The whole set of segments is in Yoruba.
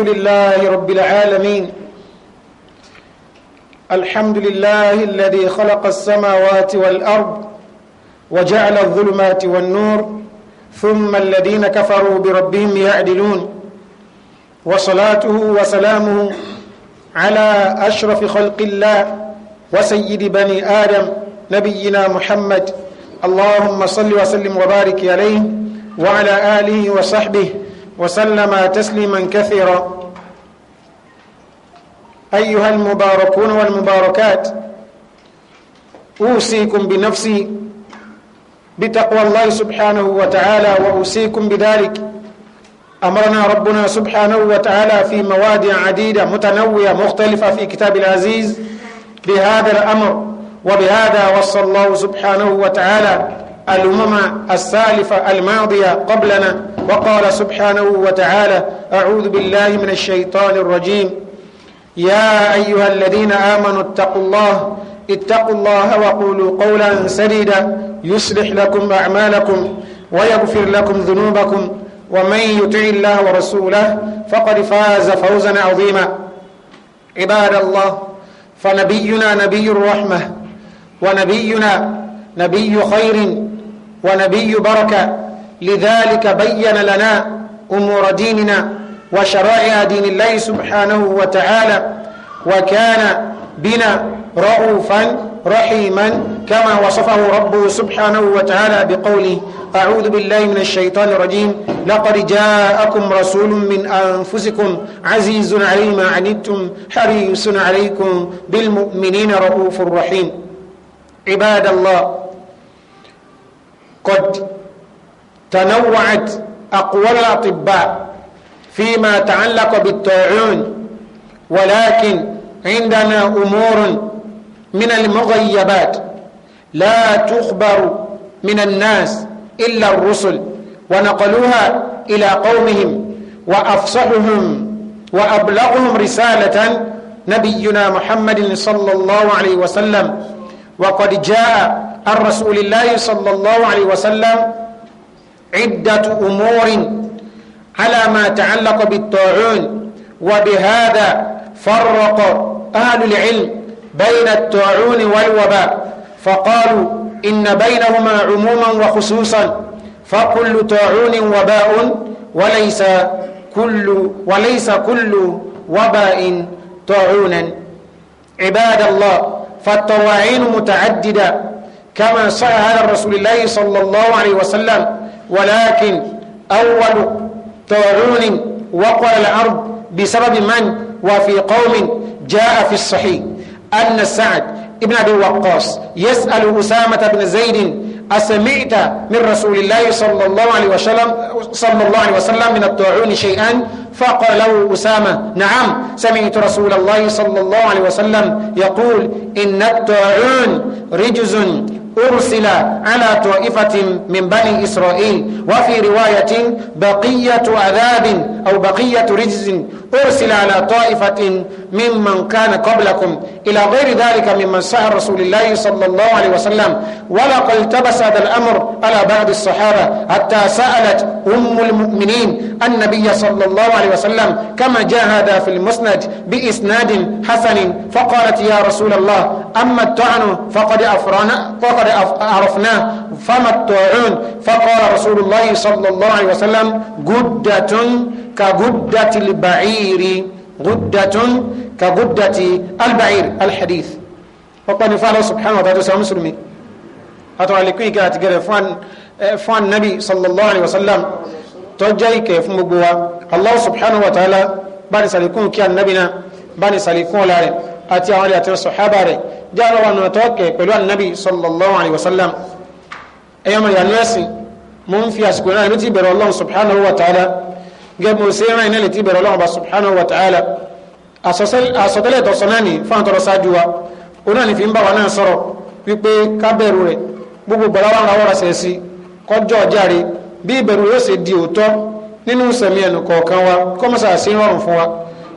الحمد لله رب العالمين الحمد لله الذي خلق السماوات والأرض وجعل الظلمات والنور ثم الذين كفروا بربهم يعدلون وصلاته وسلامه على أشرف خلق الله وسيد بني آدم نبينا محمد اللهم صل وسلم وبارك عليه وعلى آله وصحبه وسلم تسليما كثيرا أيها المباركون والمباركات أوصيكم بنفسي بتقوى الله سبحانه وتعالى وأوصيكم بذلك أمرنا ربنا سبحانه وتعالى في مواد عديدة متنوعة مختلفة في كتاب العزيز بهذا الأمر وبهذا وصى الله سبحانه وتعالى الأمم السالفة الماضية قبلنا وقال سبحانه وتعالى أعوذ بالله من الشيطان الرجيم يا أيها الذين آمنوا اتقوا الله اتقوا الله وقولوا قولا سديدا يصلح لكم أعمالكم ويغفر لكم ذنوبكم ومن يطع الله ورسوله فقد فاز فوزا عظيما عباد الله فنبينا نبي الرحمة ونبينا نبي خير ونبي بركه لذلك بين لنا أمور ديننا وشرائع دين الله سبحانه وتعالى وكان بنا رؤوفا رحيما كما وصفه ربه سبحانه وتعالى بقوله أعوذ بالله من الشيطان الرجيم لقد جاءكم رسول من أنفسكم عزيز علي ما عنتم حريص عليكم بالمؤمنين رؤوف رحيم عباد الله قد تنوعت أقوال الأطباء فيما تعلق بالطاعون ولكن عندنا أمور من المغيبات لا تخبر من الناس إلا الرسل ونقلوها إلى قومهم وأفصحهم وأبلغهم رسالة نبينا محمد صلى الله عليه وسلم وقد جاء الرسول الله صلى الله عليه وسلم عدة أمور على ما تعلق بالطاعون وبهذا فرق أهل العلم بين الطاعون والوباء فقالوا إن بينهما عموما وخصوصا فكل طاعون وباء وليس كل وليس كل وباء طاعونا عباد الله فالطواعين متعددة كما صح على رسول الله صلى الله عليه وسلم ولكن أول طاعون وقع الأرض بسبب من وفي قوم جاء في الصحيح أن سعد ابن أبي وقاص يسأل أسامة بن زيد أسمعت من رسول الله صلى الله عليه وسلم صلى الله عليه وسلم من الطاعون شيئا فقال له أسامة نعم سمعت رسول الله صلى الله عليه وسلم يقول إن الطاعون رجز أرسل على طائفة من بني إسرائيل وفي رواية بقية عذاب أو بقية رجز أرسل على طائفة ممن كان قبلكم إلى غير ذلك ممن سأل رسول الله صلى الله عليه وسلم ولقد التبس هذا الأمر على بعض الصحابة حتى سألت أم المؤمنين النبي صلى الله عليه وسلم كما جاهد في المسند بإسناد حسن فقالت يا رسول الله أما الطعن فقد, أفرنا فقد عرفناه فما الطاعون فقال رسول الله صلى الله عليه وسلم قدة كقدة البعير قدة كقدة البعير الحديث وقال فعله سبحانه وتعالى سبحانه وتعالى àtọ̀rọ̀ àlékún ìkẹ́ àti gẹ̀rẹ̀ fún ànábì sallallahu alayhi wa sallam tó jẹ́ ìkẹ́ fún gbogbo wa allah subhanahu wa ta'ala bá ní sàlékún kí ànábì náà bá ní sàlékún ọ̀la rẹ̀ àti àwọn àti sọ̀hábà rẹ̀ jẹ́ àlọ́ wa nàtọ́ kẹ̀ pẹ̀lú ànábì sallallahu alayhi wa sallam ẹ̀yọ́ mọ̀ ìyànú wípé ká rẹ̀ gbogbo gbọ́dá wà náà wọ́rọ̀ sẹ̀sí kọjọ́ járe bí ìbẹ̀rù yóò ṣe di òótọ́ nínú sẹ̀mí ẹnu kọ̀ọ̀kan wa kọ́mọ́sà sí rọrùn fún wa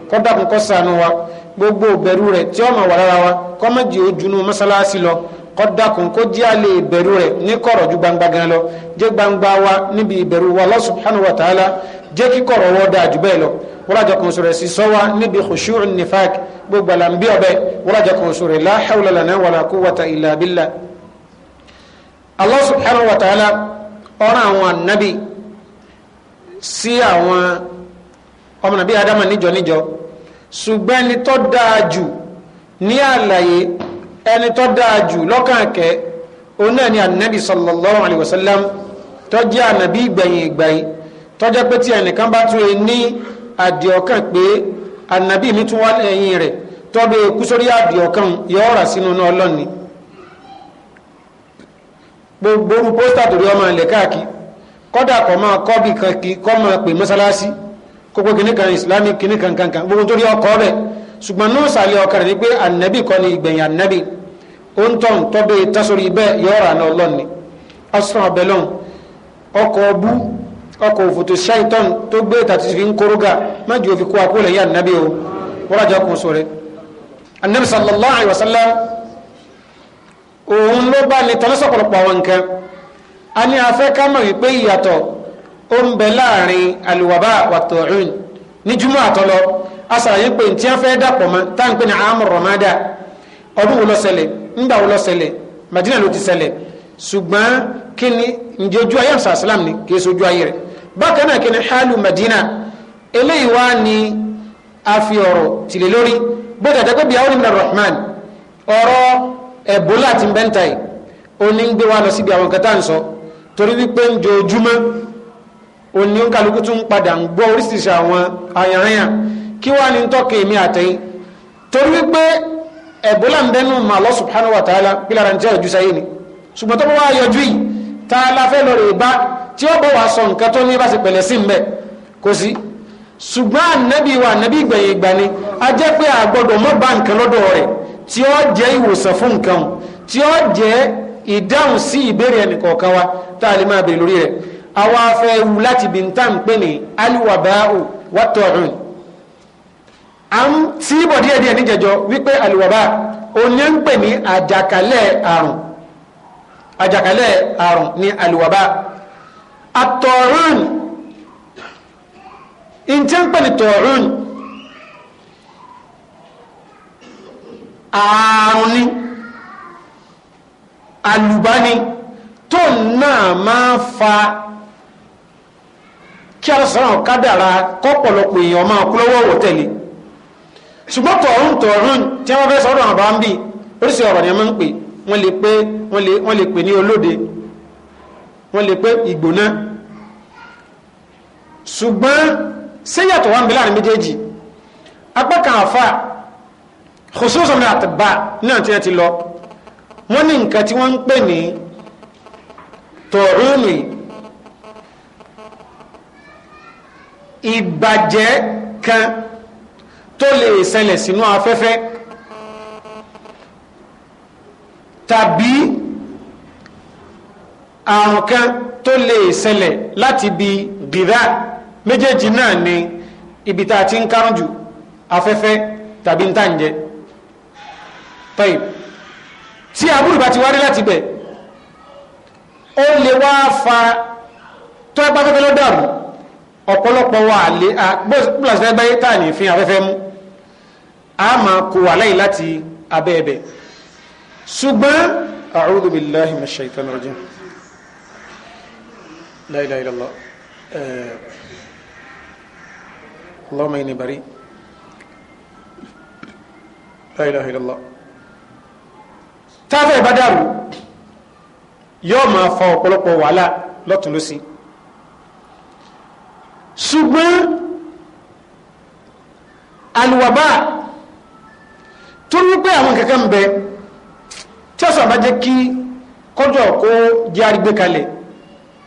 kọ́dàkùn kọ́sànù wa gbogbo ìbẹ̀rù rẹ̀ tí ó máa wa kọ́mọ́jì ojúnú mọ́sálásí lọ kọ́dàkùn kó jẹ́ àlè ìbẹ̀rù rẹ̀ ní ju gbangba gan lọ jẹ́ gbangba wa níbi ìbẹ̀rù wa Allah subhanahu wa ta'ala jẹ́ kíkọ̀rọ̀ wọ́ dáa jù bẹ́ẹ̀ lọ wọ́lájà kan sọ̀rọ̀ sí sọ́wọ́ níbi khushu'un nifaq gbogbo àlàmbí ọbẹ̀ wọ́lájà kan la hawla lana wala quwwata illa Allah subhanahu wa ta'ala ọ̀rọ̀ àwọn ànábì sí àwọn ọmọ nàbí adama níjọ níjọ ṣùgbọ́n ẹni tó dáa jù ní àlàyé ẹni tó dáa jù lọ́kànkẹ́ òun náà ni ànábì sallallahu alayhi wa sallam tó jẹ́ ànábì ìgbẹ̀yìn ìgbẹ̀yìn tó jẹ́ pé tí ẹnìkan bá tún ní àdìọ́kàn pé ànábì mi tún wá lẹ́yìn rẹ̀ tọ́bẹ̀ kú sórí àdìọ́kàn yọ ọ̀rà sínú náà lọ́nìí gbogbo orú pósítà torí ọmọ ilẹ̀ káàkiri kọ́dà kọ́ máa kọ́ bí kan kí kọ́ máa pè mọ́sálásí kókó kìnnìkan islamic kìnnìkan kankan gbogbo torí ọkọ̀ rẹ̀ ṣùgbọ́n náà sàlẹ̀ ọkọ̀ rẹ̀ ni pé ànẹ́bì kọ́ ni ìgbẹ̀yìn ànẹ́bì ó ń tọ̀n tọ́bẹ̀ tásórí bẹ́ẹ̀ yọ̀ọ̀rà náà lọ́ni ọ̀sán ọbẹ̀ lọ́hùn ọkọ̀ ọbú ọkọ̀ òfòtò ṣáìtọ́n tó gbé tàti fi ń kóróga má jù òfin kó akólẹ̀ yá ànẹ́bì o wọ́n rájà ọkùnrin sọ ànẹ́bì sallallahu alaihi wasallam òun ló bá ní tọ́lọ́sọ̀pọ̀lọpọ̀ àwọn nǹkan a ní afẹ́ ká mọ̀ wípé ìyàtọ̀ ó ń bẹ láàrin àlùwàbá wàtòrìn ní júmọ́ a a sàlàyé pé tí a dàpọ̀ mọ́ tá n pè ní àmọ̀ rọ̀mádà ọdún wo ló ńgbà Madina ló ti ṣẹlẹ̀ ṣùgbọ́n kí ni ǹjẹ́ ojú ayé àṣà islam ni kì í ṣe ojú ayé rẹ̀ bákan náà kí ni Madina a ọ̀rọ̀ bó ẹ̀bólà ti ń bẹ́ńtà yìí ó ní ń gbé wa lọ síbi àwọn nǹkan tá à ń sọ torí wípé ń jojúmọ́ òní ń kálukú tún padà ń gbọ́ oríṣiríṣi àwọn àyànyàn kí wàá ní tọ́kì èmi àtẹ̀yìn torí wípé ẹ̀bólà ń bẹ́nu mà Allah subhanahu wa ta'ala bí lára ń tẹ́ ọ̀jú sáyé ni ṣùgbọ́n tó bá wá yọjú yìí tá a la fẹ́ lọ rè bá tí ó bọ̀ wá sọ nǹkan tó ní bá ṣe pẹ̀lẹ́ sí mbẹ́ kò sí ṣùgbọ́n ànábì wa ànábì ìgbẹ̀yìn ìgbà ni a jẹ́ pé àgbọ̀dọ̀ mọ́ bá nǹkan lọ́dọ̀ rẹ̀ tí ó jẹ́ ìwòsàn fún nǹkan tí ó jẹ́ ìdáhùn sí ìbéèrè ẹnìkọ̀ọ̀kan wa tá a lè máa béèrè lórí rẹ̀ àwa afẹ́ wu láti bí n tá n pè ní aliwabao wàtọ̀ọ̀rùn à ń tí bọ̀ díẹ̀díẹ̀ níjẹjọ wípé aliwaba òní ń pè ní àjàkálẹ̀ àrùn àjàkálẹ̀ àrùn ní aliwaba àtọ̀ọ̀rùn ìtẹ́ńpẹ̀lẹ̀ tọ̀ọ̀rùn ààrùn ni àlùbáni tó náà máa fa kí àṣàràn kádàrà kọ́pọ̀lọpọ̀ èèyàn máa kú lọ́wọ́ wọ̀ tẹ̀lé ṣùgbọ́n tọ̀rún tọ̀rún tí wọ́n fẹ́ sọ́dọ̀ àbá ń bì oríṣi ọ̀rọ̀ ni wọ́n ń pè wọ́n lè pé wọ́n lè pè ní olóde wọ́n lè pé ìgbóná ṣùgbọ́n séyàtọ̀ wà ń láàrin méjèèjì apá kan àfa khususan ní àtìbá náà tí wọ́n ti lọ wọ́n ní nǹkan tí wọ́n ń pè ní tọ̀rùmì ìbàjẹ́ kan tó lè ṣẹlẹ̀ sínú afẹ́fẹ́ tàbí àrùn kan tó lè ṣẹlẹ̀ láti bi gbìrá méjèèjì náà ni ibi tá a ti ń kárùn jù afẹ́fẹ́ tàbí ń tàǹjẹ́ tọ́yìn tí àbúrò bá ti wárí láti bẹ̀ ó lè wá fa tó ẹgbà fẹ́fẹ́ ló dàrú ọ̀pọ̀lọpọ̀ wà lè bóòsì ẹgbẹ́ tá ní fi afẹ́fẹ́ mú a máa kó wà lẹ́yìn láti abẹ́ ẹbẹ̀ ṣùgbọ́n a'udhu billahi minash shaitani rajim táfẹ́ bá dàrú yóò máa fa ọ̀pọ̀lọpọ̀ wàhálà lọ́tún lọ́sí ṣùgbọ́n alùwàbá tó ní pé àwọn kankan ń bẹ tí ọ̀sán bá jẹ́ kí kọjọ kó jẹ́ arígbé kalẹ̀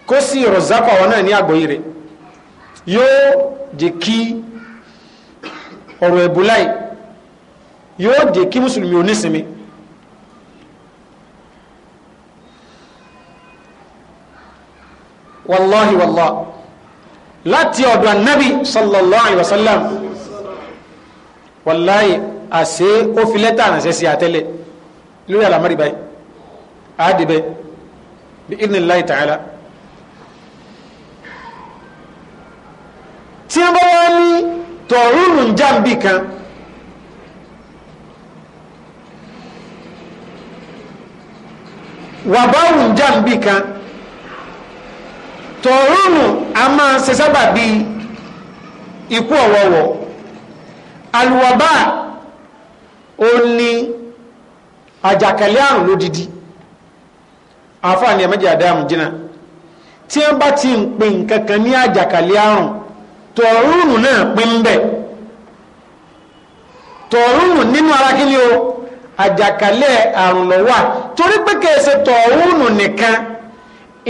kó sì rọ̀zákọ̀ àwọn náà ní àgbọ́yé rẹ̀ yóò jẹ́ kí ọ̀rọ̀ ẹ̀bùláì yóò jẹ́ kí mùsùlùmí onísinmi wàláhi wàlá láti ọ̀dọ̀ anábì sallallahu alayhi wa sallam wàláhi àṣẹ ó fi lẹ́tà ránṣẹ́ sí àtẹ́lẹ̀ lórí àlàmọ́rí báyìí àádìbẹ́ bí idhnillahi ta'ala tí wọ́n bá wá ní tọ̀rùnù jàǹbì kan wàbáwù jàǹbì kan tọ̀rùnù a máa ṣe sábà bí ikú ọ̀wọ̀wọ̀ alùwàbá ó ní àjàkálẹ̀ àrùn lódidi àfáàní ẹ̀mẹ́jì àdáàmù jìnnà tí wọ́n bá ti ń pè nǹkan kan ní àjàkálẹ̀ àrùn tọ̀rùnù náà pín bẹ̀ tọ̀rùnù nínú ara kí ni àrùn ló wà torí pé kẹsẹ̀ tọ̀rùnù nìkan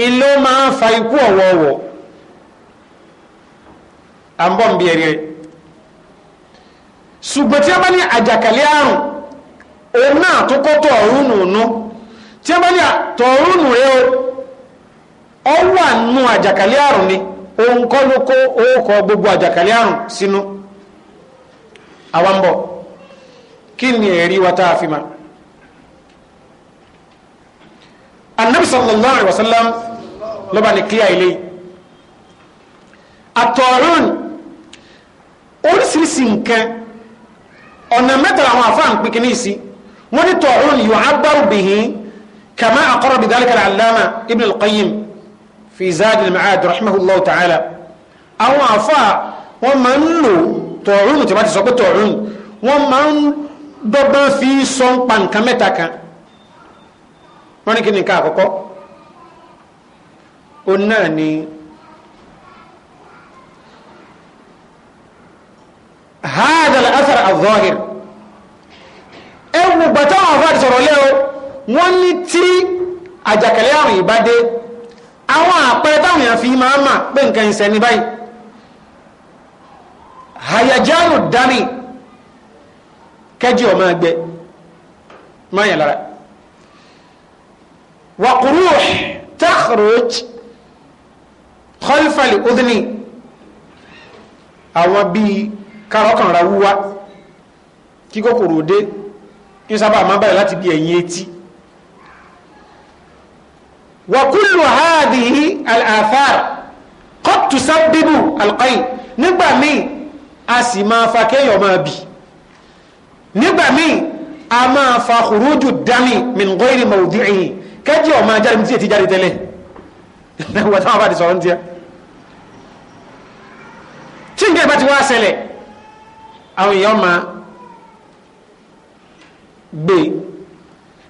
ìlú máa ń fa ikú ọ̀wọ̀ọ̀wọ̀ à ń bọ̀ ń bí ẹ̀rẹ́ ṣùgbọ́n tí a bá ní àjàkálẹ̀ àrùn òun náà tó kọ́ tọ̀ọ̀rún nùnú tí a bá ní tọ̀ọ̀rún nù rẹ o ọ wà nù àjàkálẹ̀ àrùn ni òun kọ́ ló kó orúkọ gbogbo àjàkálẹ̀ àrùn sínú àwọn bọ̀ kí ni ẹ̀rí wa tá a fi máa anabi sallallahu alayhi wa sallam lọba ni kíá ilé àtọ̀rún oríṣiríṣi nǹkan ọ̀nà mẹ́ta àwọn afáà ń pikin ní ìsí wọ́n ní tọ̀rún yóò agbárù bìhín kàmá àkọ́rọ̀ bí dálíkà al-allama ibn al-qayyim fi zaadi al-ma'ad rahimahullahu ta'ala àwọn afáà wọ́n máa ń lò tọ̀rún tí wọ́n ti sọ pé tọ̀rún wọ́n máa ń dọ́gbọ́n fi sọ ń pa nǹkan mẹ́ta kan wọ́n ní kí ni ká àkọ́kọ́ ó náà ni hadal asar al-zahir ẹwù gbàtà àwọn afáàdì sọ̀rọ̀ lẹ́wọ́ wọ́n ní tí àjàkálẹ̀ àrùn ìbádé àwọn àpẹẹrẹ táwọn èèyàn fi máa mà pé nǹkan ìṣẹ́ ní báyìí hayajanu dami kẹjì ọmọ ẹgbẹ máyàn lára وقروح تخرج خلف الأذن àwọn bíi kárọ́kànra wúwá kí kòkòrò dé ní sábà máa bẹ̀rẹ̀ láti bí ẹ̀yìn etí wa kullu hadhihi al-athar qad tusabbibu al-qayn nígbà míì a sì máa fa kéèyàn máa bì nígbà míì a máa fa khuruju dami min ghayri mawdi'ihi kẹ́jì ọmọ ajáde tí èti jáde tẹ́lẹ̀ wọ́n táwọn bá ti sọ̀rọ̀ ntíẹ́ tí nǹkan ìbá ti wá ṣẹlẹ̀ àwọn èèyàn máa gbé e.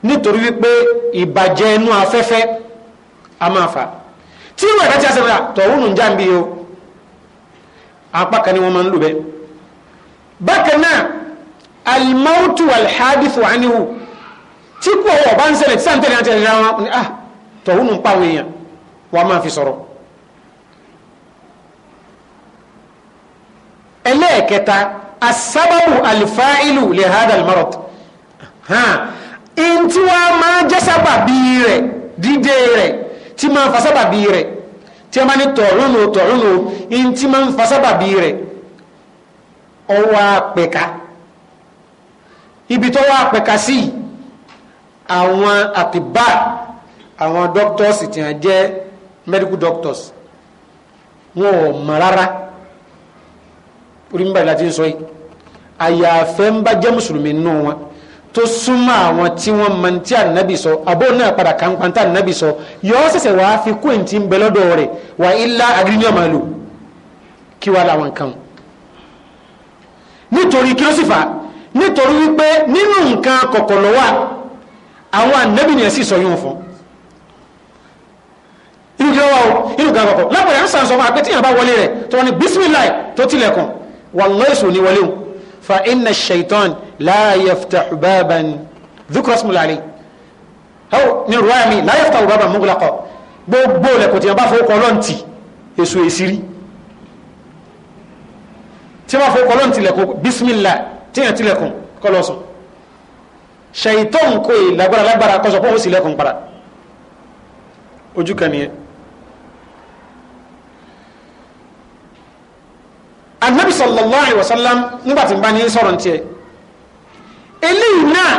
nítorí wípé ìbàjẹ́ inú afẹ́fẹ́ a máa fà tí ìwà ìbá ti ṣẹlẹ̀ tọ̀húnù jáǹbí o apá kan ni wọ́n máa ń lò bẹ́ẹ̀ bákan náà al-mautu wal tí kú ọwọ́ bá ń ṣẹlẹ̀ tí sáńtẹ̀lẹ̀ àti ẹ̀rẹ̀ wọn ni ah tọ̀húnù ń pàwọn èèyàn wà máa fi sọ̀rọ̀ ẹlẹ́ẹ̀kẹta asábàbù alifáìlù lè hádà almarot hàn in tí wọ́n máa jẹ́ sábà bí rẹ̀ dídé rẹ̀ tí máa fa sábà bí rẹ̀ tí a máa ní tọ̀húnù tọ̀húnù in tí máa fa sábà bí rẹ̀ ọwọ́ apẹ̀ka ibi tó wá apẹ̀ka sí yìí àwọn àtibá àwọn doctors tí wọ́n jẹ́ medical doctors wọn ò mọ̀ rárá orí ń báyìí láti ń sọ yìí àyàfẹ́ ń bá jẹ́ mùsùlùmí nù wọn tó súnmọ́ àwọn tí wọ́n mọ̀ tí ànábì sọ àbó náà padà kàńpá tí ànábì sọ yọ ṣẹ̀ṣẹ̀ wàá fi kú ẹ̀ǹtí ń bẹ lọ́dọ̀ rẹ̀ wà ilá agiriyan máa lò kí wàá làwọn kan nítorí kí ló sì fà nítorí wípé nínú nǹkan kọ̀kọ̀ lọ́wọ́ àwọn ànábì ni ẹ̀sì sọ yóò fún inú kí lọ́wọ́ inú ga kọ̀kọ̀ lápẹ̀rẹ̀ ń sàǹsọ̀ máa pé tíyàn bá wọlé rẹ̀ tó ní bísmìláì tó tilẹ̀kùn wallahi sùn ní wọlé fa inna shaitan la yaftahu baban dhukra ismullahi hẹ́wọ̀ ní ruwa mi la yaftahu baban mughlaqa gbogbo lẹ̀kùn tíyàn bá fọwọ́ kọ́ lọ́ntì èso èsìrí tí wọ́n tilẹ̀kùn kọ́ ṣèyítọ́ nǹkó yìí lágbára lágbára kọ́sọ̀ fún òsì lẹ́kùn para ojú kan nìyẹn. anabi sallallahu alayhi wa sallam nígbà tí n bá ní sọ̀rọ̀ ní tiẹ̀ eléyìí náà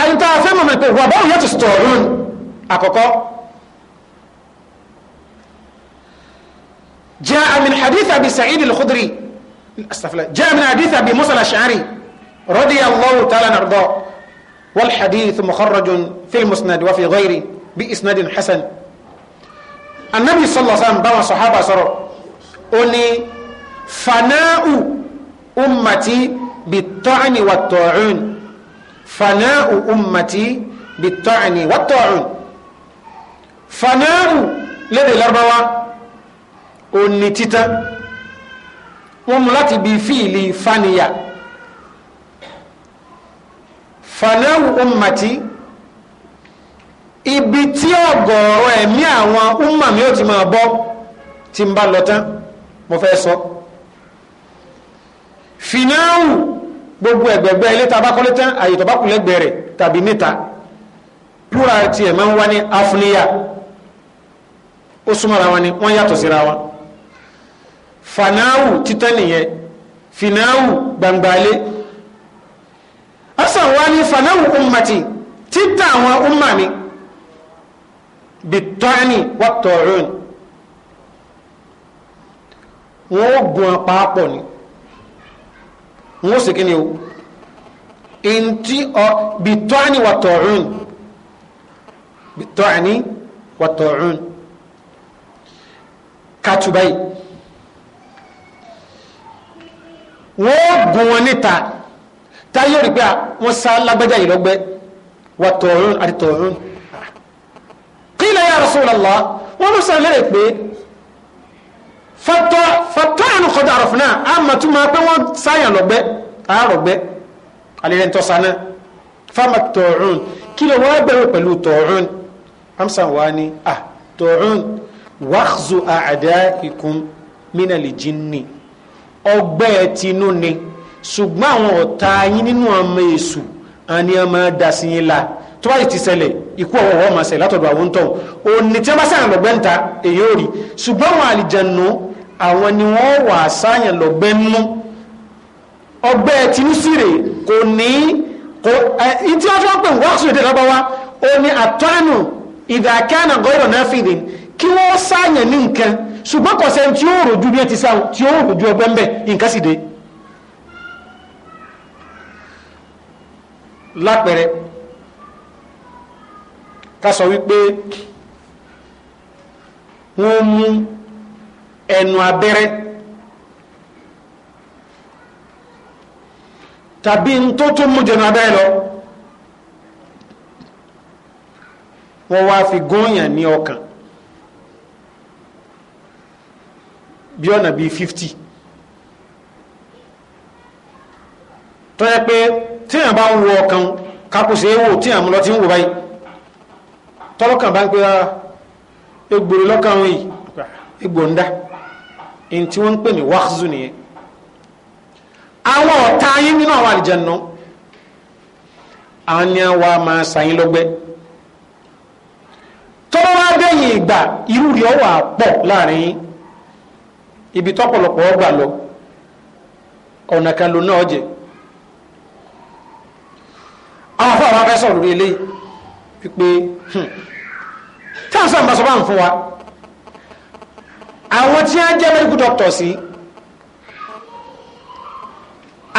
àyíntà afẹ́ mọ̀mọ́ wà báwo yàtọ̀ sọ̀rọ̀ àkọ́kọ́ جاء من حديث أبي سعيد الخدري استغفر جاء من حديث أبي موسى الأشعري رضي الله تعالى عنه والحديث مخرج في المسند وفي غيره بإسناد حسن النبي صلى الله عليه وسلم بما صحابة سروا أني فناء أمتي بالطعن والطاعون فناء أمتي بالطعن والطاعون فناء لدي الأربعة أني تتا وملاتي بفيلي فانيا fàlẹ́wù ummati ibi tí ọ̀gọ̀ọ̀rọ̀ ẹ̀mí àwọn umma mi ó ti máa bọ́ tí ń bá lọ tán mo fẹ́ sọ fìnáwù gbogbo ẹ̀gbẹ̀gbẹ̀ ilé tá a bá kọ́lé tán àyè tó bá kù lẹ́gbẹ̀ẹ́ tàbí níta plural tiẹ̀ máa ń wá ní afúnilíyà ó súnmọ́ra wọn ni wọ́n yàtọ̀ síra wọn fanáwù títẹ́ nìyẹn fìnáwù gbangbalé hasan wa ni fanawu ummati títà àwọn umma mi bitọ́ni wàtọ̀rún wọn ó gun apáapọ̀ ni wọn ó sì kí ni o ntí ọ bitọ́ni wàtọ̀rún bitọ́ni wàtọ̀rún katubayi wọn ó gun wọn níta táyé rí pé wọ́n sá lágbájá yìí lọ́gbẹ́ wà tọ̀ọ̀rún àti tọ̀ọ̀rún qila ya Rasulullah wọ́n ló sá lérè pé fatọ́ fatọ́ àánú kọjá àrọ̀fúnà àmàtúmọ̀ pé wọ́n sáyà lọ́gbẹ́ àárọ̀gbẹ́ alẹ́rẹ́ ntọ́sá náà fáma tọ̀ọ̀rún kí ló wọ́n bẹ̀rẹ̀ pẹ̀lú tọ̀ọ̀rún amsa wa ni ah tọ̀ọ̀rún wàhzù àdákìkún mínàlì jinni ọgbẹ́ tinú ni ṣùgbọ́n àwọn ọ̀tá yín nínú ọmọ èṣù àni ọmọ dasí yín la tó bá ti ṣẹlẹ̀ ikú ọ̀wọ̀ ọmọ ṣẹ̀ látọ̀dọ̀ àwọn tọ̀ òní tí wọ́n bá sáyàn lọ́gbẹ́ ńta èyí ò rí ṣùgbọ́n àwọn àlìjẹnu àwọn ni wọ́n wà sáyàn lọ́gbẹ́ nú ọgbẹ́ tinúsìrè kò ní kò ẹ ìtí wọ́n fi wọ́n pè wọ́n sùn èdè lọ́bọ̀ wa ó ní àtọ́nù ìdàkẹ́nà gọ́ọ̀rọ̀ náà fìdí kí wọ́n sáyàn ní nǹkan ṣùgbọ́n kọ̀ṣẹ́ tí ó rò ju bí ẹ ti sáwọn tí ó rò ju ẹgbẹ́ ńbẹ nǹkan sì dé lápẹẹrẹ ká sọ wípé wọ́n mú ẹnu abẹ́rẹ́ tàbí n tó tó mú jẹnu abẹ́rẹ́ lọ wọ́n wá fi góòyàn ní ọkàn bí ọ̀nà bíi fifty tó pé téèyàn bá ń wọ ọkàn kakùsẹ̀ èèwò téèyàn mú lọ tí ń wò báyìí tọ́lọ́kàn bá ń pè rárá egbòrè lọ́kàn wọn yìí tí wọ́n ń pè ní wáxù nìyẹn àwọn ọ̀tá yín nínú àwọn àlìjẹ̀nà àwọn ni àwa máa sàyín lọ́gbẹ́ ìgbà irú rí ọwọ́ àpọ̀ láàrin ibi tọ́pọ̀lọpọ̀ ọgbà lọ ọ̀nà kan àwọn afọ àwọn afẹsọ lórí eléyìí pípé hmm, táwọn bá sọ bá ń fún wa àwọn tí wọn jẹ medical doctor sí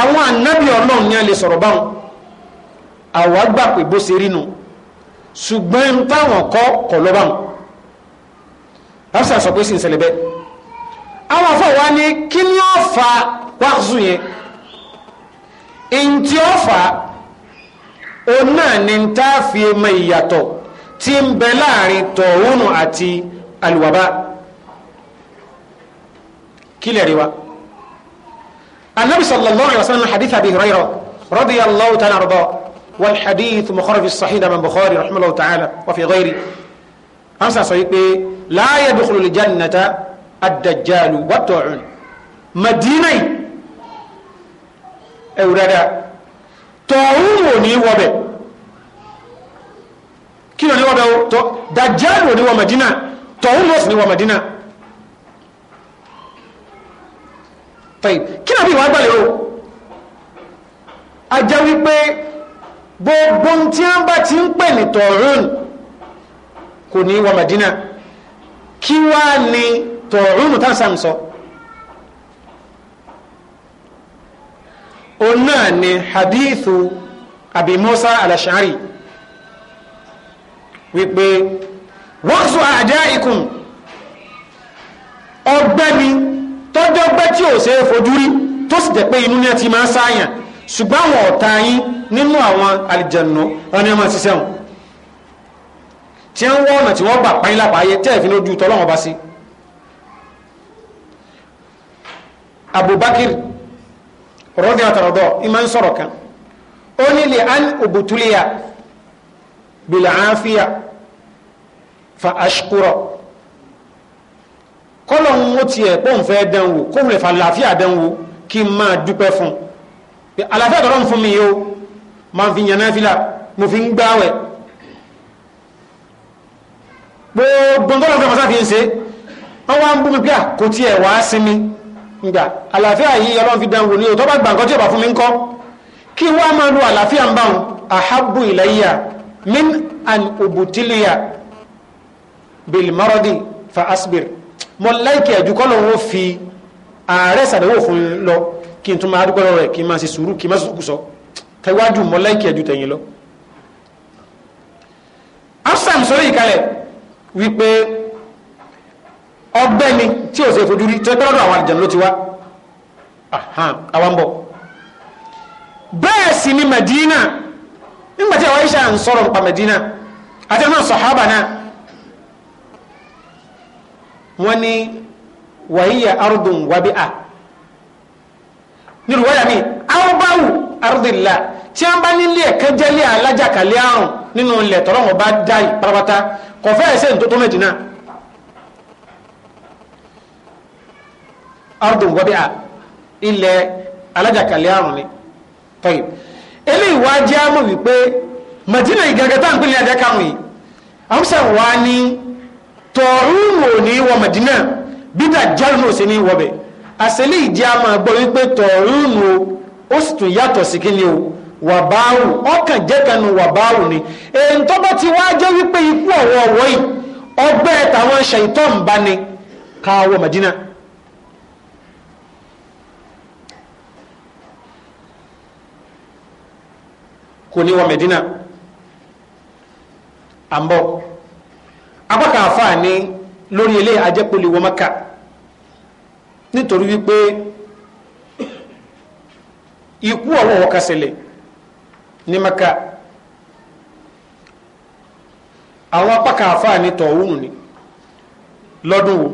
àwọn ànábì Ọlọ́run ni a lè sọ̀rọ̀ báwọn àwa gbà pé bó ṣe rí nu ṣùgbọ́n táwọn kọ́ kọ̀ lọ́ báwọn láfíà sọ pé sì ń ṣẹlẹ̀ bẹ́ẹ̀ àwọn afọ ni kí ni ó fa wáxù yẹn èyí tí ó fa òun náà ni ń tá fi mọ ìyàtọ̀ tí ń bẹ láàrin tọ̀húnù àti alùwàbá kílẹ̀ rí wa النبي صلى الله عليه وسلم حديث أبي هريرة رضي الله تعالى عنه والحديث مخرج في الصحيح من بخاري رحمه الله تعالى وفي غيره أمسى صحيح لا يدخل الجنة الدجال والطاعون مدينة أورادا tọ̀hún ò ní wọbẹ̀ kí ló ní wọbẹ̀ o tọ́ dajjal ò ní wọ Madina tọ̀hún ló sì ní wọ Madina tọ́yì kí nàbí ìwà gbàlẹ̀ o a jẹ́ wípé gbogbo tí a bá ti ń pè ní tọ̀hún kò ní wọ Madina kí wá ní tọ̀hún tá So òun náà ni hadithu abi musa alashari wípé wọ́ọ̀sù àjá ikùn ọgbẹ́ni tọ́jọ́gbẹ́ tí ò ṣe é fojú rí tó sì jẹ́ pé inú ní ẹtì máa ń sáàyàn ṣùgbọ́n àwọn ọ̀tá yín nínú àwọn àlìjẹ̀nù ọ̀nà ẹ̀mọ́ ṣiṣẹ́ wọn tí wọ́n wọ́n ọ̀nà tí wọ́n gbà pàyín lápàáyé tẹ́ẹ̀fín lójú tọ́lọ́wọ́n bá sí abubakar rọ́dí àtàrọ̀dọ̀ ìmá ń sọ̀rọ̀ kan ó nílé an òbútúlíyà bìlà áfíà fa aṣkúrọ̀ kọ́lọ̀ ń mú tiẹ̀ pọ́ ń fẹ́ dánwò kó ń lè fa àlàáfíà dánwò kí n máa dúpẹ́ fún àlàáfíà tọ́rọ̀ ń fún mi yóò máa fi yànnà mo fi ń gbáwẹ̀ gbogbo tọ́lọ̀ fẹ́ fọ́sáfíì ń ṣe wọ́n wá ń bú mi pé à kò tiẹ̀ ìgbà àlàáfíà yìí ọlọ́run fi dánwò ní òtọ́ bá gbà nǹkan tí ọba fún mi ń kọ́ kí wọ́n máa lo àlàáfíà ń bá wọn àhábù ìlẹ́yà min an òbútílíyà bilmarodi fa asbir mo láìkì ẹ̀dùkọ́ lòun ó fi ààrẹ sàdéwò fún un lọ kí n tún máa dúpẹ́ rẹ̀ kí n máa ṣe sùúrù kí n máa sọ tẹwájú mo láìkì ẹ̀dù tẹ̀yìn lọ. afsam sórí ìkalẹ̀ wípé ọgbẹ́ ni tí ò ṣe fojú rí tẹ́ tọ́lọ́dọ̀ àwọn àjàn ló ti wá àwọn ń bọ̀ bẹ́ẹ̀ sì ni Medina nígbàtí àwọn iṣẹ́ ń sọ̀rọ̀ nípa Medina àti àwọn sàhábà náà wọ́n ní wàhíyà ardùn wàbíà nílùú wáyà mi arúbáwù ardìlá tí wọ́n bá nílé ẹ̀kẹ́ jẹ́lé alájàkálẹ̀ àrùn nínú ilẹ̀ tọ́lọ́wọ́n bá dá ìparapata kọ̀fẹ́ ẹ̀sẹ̀ ní tó tó Medina ardun wọ́dí a ilẹ̀ alájàkálẹ̀ àrùn ni tọ́yìn eléyìí wá jẹ́ àmọ̀ wípé Madina ìgẹ̀gẹ̀ ń pè ní ajákàrùn yìí ni tọ̀rùn madina ní wọ Madina bídà jálùmọ̀ sí ní wọbẹ̀ àṣẹlẹ̀ ìjẹ́ àmọ̀ gbọ́ wípé tọ̀rùn ó sì tún yàtọ̀ sí ni o wàbáwù ọkàn jẹ́kanu wàbáwù ni èyí bá ti wá jẹ́ wípé ikú ọ̀wọ̀ ọ̀wọ̀ yìí ọgbẹ́ tàwọn ni Madina. kò ní Medina à ń bọ̀ apákan àfààní lórí ilé ajẹ́pọ̀lì wọ Maka nítorí wípé ikú ọ̀wọ́ wọ́n kásẹ̀lẹ̀ ní Maka àwọn apákan àfààní tọ̀húnù ni lọ́dún wo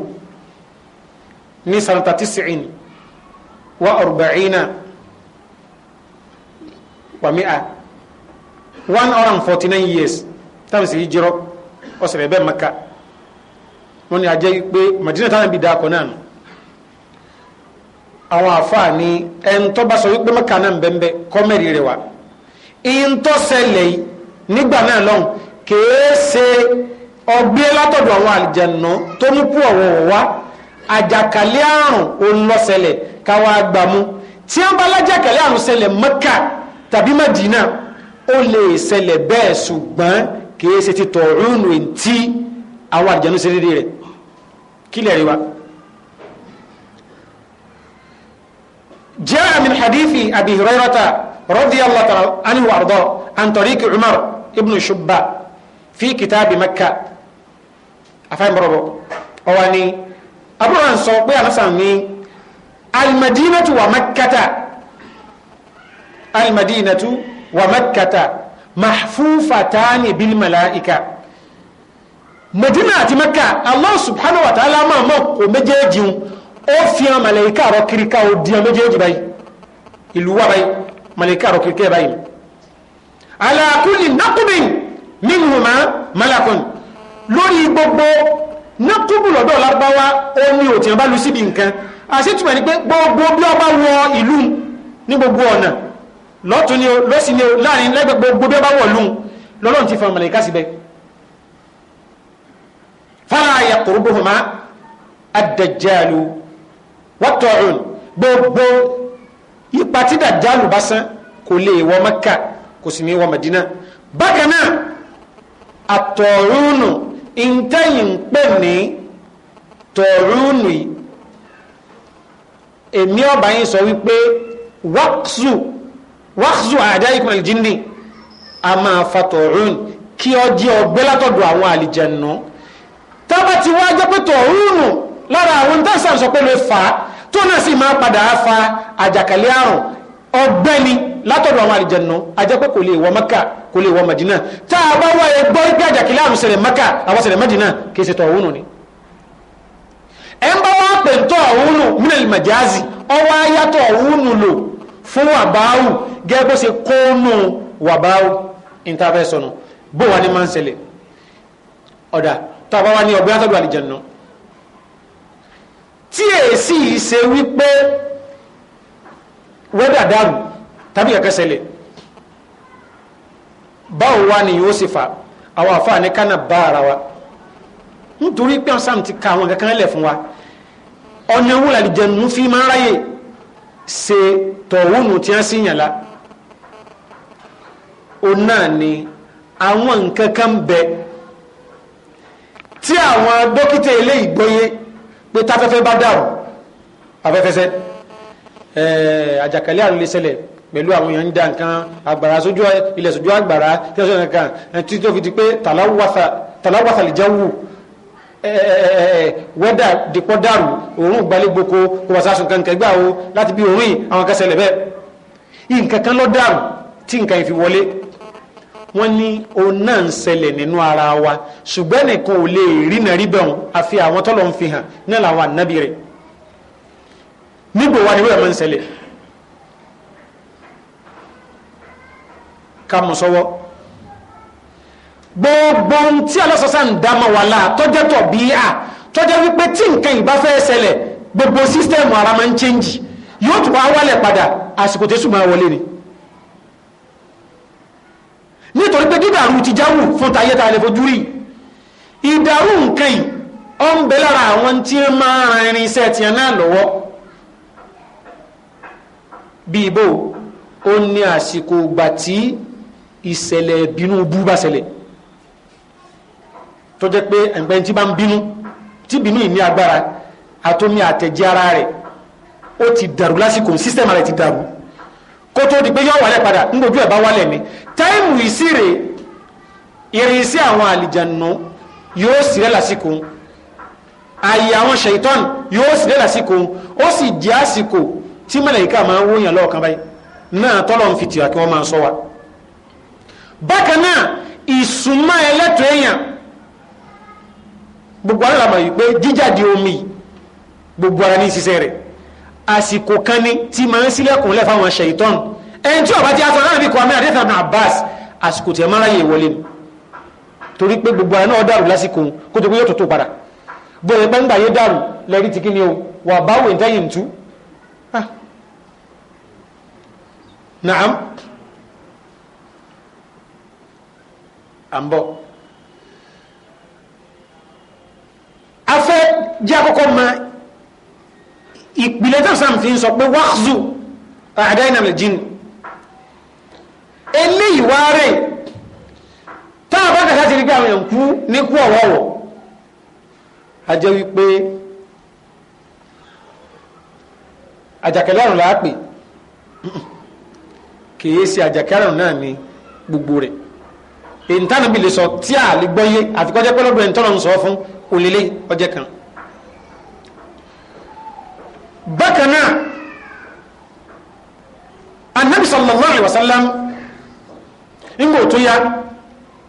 ní sanata tisi'in wa arba'ina wa mi'a one hour and forty nine years táwọn sì jírọ ọ̀sẹ̀ bẹ́ẹ̀ maka wọn ni a jẹ́ pé madina táwọn bí dáko náà nù àwọn àfáà ni ẹ̀ńtọ́ bá sọ wípé maka náà bẹ́ẹ̀ kọ́mẹ́rì rẹ̀ wá ìyíntọ́ ṣẹlẹ̀ yìí nígbà náà lọ́hùn kìí ṣe ọgbẹ́ látọ̀dọ̀ àwọn àlìjẹ̀nà tó mú pú ọ̀wọ̀ wá àjàkálẹ̀ àrùn olùlọ́sẹlẹ̀ káwa gbàmú tí wọ́n bá lájàkálẹ̀ àrùn ṣẹlẹ̀ maka tàbí madina ó lè ṣẹlẹ̀ bẹ́ẹ̀ ṣùgbọ́n kìí ṣe ti tọ̀rùnù tí àwọn àjẹnú ṣe dédé rẹ̀ kí lè rí wa. جاء من حديث أبي هريرة رضي الله تعالى عنه وأرضاه عن طريق عمر ابن شبة في كتاب مكة أفهم بربو أواني أبو أنصر بيا نفسه المدينة ومكة المدينة wa makkata mahfufatani bil malaika medina àti mẹ́kà allah subhanahu wa ta'ala máa mọ́ kò méjèèjì ó fi hàn màlẹ́kà rọ kíríkà ó di hàn méjèèjì báyìí ìlú wa báyìí màlẹ́kà rọ kíríkà báyìí ala kulli naqbin minhuma malakun lórí gbogbo nákúbù lọ́dọ̀ lárúbáwá ó ní òtí ọba lu síbi nǹkan àṣetúmọ̀ ni pé gbogbo bí ọba wọ ìlú ní gbogbo ọ̀nà lọ́tún ni o lọ́sìn ni o láàrin lẹ́gbẹ̀ gbogbo bí ó bá wọ̀ lóhun lọ́lọ́run ti fọmọlẹ̀ ìka síbẹ̀ fara ayẹ kòrógbòhùnmá adẹjálù wọ́tọ̀rùn gbogbo ipa tí dàjálù bá sán kò lè wọ Mẹ́kà kò sì ní wọ Mẹ́dínà bákan náà àtọ̀rùnù wáxù àdá ikùn àlìjínní a máa fa tọ̀rún kí ọ jẹ́ ọgbẹ́ látọ̀dọ̀ àwọn àlìjẹ̀nù tábà ti wá jẹ́ pé tọ̀rún lára àwọn tẹ̀sán sọ pé lè fà á tó náà sì máa padà fa àjàkálẹ̀ àrùn ọgbẹ́ ni látọ̀dọ̀ àwọn àlìjẹ̀nù a jẹ́ pé kò lè wọ Mẹ́kà kò lè wọ Mẹ́dínà tá a bá wá ẹ gbọ́ pé àjàkálẹ̀ àrùn ṣẹlẹ̀ Mẹ́kà àwọn ṣẹlẹ̀ Mẹ́dínà kì í ṣe tọ̀rún ni ẹ ń bá wọn pè ń tọ̀rún mínà ìmọ̀jáàzì ọwọ́ ayátọ̀ ọ̀hún lò fún àbáwù gẹ́gẹ́ bó ṣe kóónù wàbáwò ìntàfẹ́ sọnù bó wà ní máa ń ṣẹlẹ̀ ọ̀dà tó a bá wà ní ọ̀gbìn àtọ́dọ̀ àlìjẹ̀nù tí èsì ṣe wípé wẹ́dà dàrú tàbí kẹ̀kẹ́ ṣẹlẹ̀ báwo wá ni yóò sì fà àwọn àfáàní kánà bá ara wa nítorí pé ọ̀sán ti ka àwọn kankan lẹ̀ fún wa ọ̀nà wúlò àlìjẹ̀nù fi máa ń ráyè ṣe tọ̀wọ́nù tí wọ́n sì yàn la òun náà ni àwọn nǹkan kan bẹ tí àwọn dókítà ilé ìgbóyé pé táfẹ́fẹ́ bá dàrú afẹ́fẹ́sẹ́ ẹ̀ẹ́ àjàkálẹ̀ àrùn lè ṣẹlẹ̀ pẹ̀lú àwọn èèyàn ń da nǹkan àgbàrá sójú ilẹ̀ sójú àgbàrá tí wọ́n sọ nǹkan tí tó fi di pé tàláwàsà lè jẹ́wù wẹ́dà dìpọ́ dàrú òórùn gbalẹ̀ gboko kò wà sásùn kankan gbà o láti bí òórùn àwọn kan ṣẹlẹ̀ bẹ́ẹ̀ nǹkan kan lọ dàrú tí nǹkan yìí fi wọlé wọ́n ní òun náà ń ṣẹlẹ̀ nínú ara wa ṣùgbọ́n nìkan ò lè rínà rí bẹ́ẹ̀ àfi àwọn tọ́lọ̀ ń fi hàn náà làwọn ànábì rẹ̀ nígbò wa ni wọ́n máa ń ṣẹlẹ̀ ká mú sọ́wọ́ gbogbo tí alásọ́sá ń dá mọ́ wa láà tọ́jẹ́ tọ̀ bí i tọ́jẹ́ wípé tí nǹkan ìbá fẹ́ ṣẹlẹ̀ gbogbo sísítẹ́ẹ̀mù ara máa ń chẹ́ǹjì yóò tún wá wálẹ̀ padà àsìkò tẹ́sùn wọlé ni nítorí pé dídàrú ti jáwù fún tayéta ilẹ̀ fojú rí ìdàrú nǹkan yìí ó ń bẹ lára àwọn tí ó máa ran irin iṣẹ́ tiẹ̀ náà lọ́wọ́ bí ibo ó ní àsìkò ìgbà tí ìṣẹ̀lẹ̀ ìbínú bú bá ṣẹlẹ̀ tó jẹ́ pé ẹ̀ǹgbẹ́ tí bá ń bínú tí bínú yìí agbára àtomi àtẹ̀jẹ́ ara rẹ̀ ó ti dàrú lásìkò sísẹ́mà rẹ̀ ti dàrú kó tó di pé yọ wálẹ̀ padà nígbòjú ẹ̀ bá wálẹ̀ ni táìmù ìsírè ìrìnsí àwọn àlìjànú yóò sírẹ́ lásìkò ààyè àwọn ṣèitán yóò sírẹ́ lásìkò ó sì jẹ́ àsìkò tí màláíkà máa ń wóyàn lọ́ọ̀kan báyìí náà tọ́lọ̀ ń fi tìwà kí wọ́n máa sọ wa bákan náà ìsúnmọ́ ẹlẹ́tọ̀ èèyàn gbogbo ara làmọ̀ yìí pé jíjáde omi gbogbo ara ní ìṣiṣẹ́ rẹ̀ àsìkò kan ni tí máa ń sílẹ̀kùn lẹ́fà wọn ṣèyítọ́n ẹni tí ọba ti aṣọ náà bí kò àmì àdéhùn àbí Abbas àsìkò tí ẹ máa ráyè wọlé ni torí pé gbogbo àná ọ dàrú lásìkò kó tó gbé yóò tó tó padà bóyá gbangba yé dàrú lẹ́rí ti kí ni o wà báwo ìtẹ́yìn tú. Ah. naam àmbọ̀ afẹ́ jẹ́ àkọ́kọ́ máa ìpìlẹ̀ tó sàm fi ń sọ pé wáxù àdáìnàmì jìn eléyìí wá rẹ̀ táà bá kàkà ti rí pé àwọn èèyàn kú ní kú ọ̀wọ́wọ́ a jẹ́ wípé àjàkálẹ̀ àrùn làápè kìí ṣe àjàkálẹ̀ àrùn náà ni gbogbo rẹ̀ èyí tánàbí lè sọ tí a lè gbọ́yé àfikọ́jẹ́ pẹ́lọ́gbẹ̀rẹ̀ tọ́nà ń sọ fún òlélẹ́ ọjẹ́ kan bákan náà anabi sallallahu alayhi wa sallam nígbà tó yá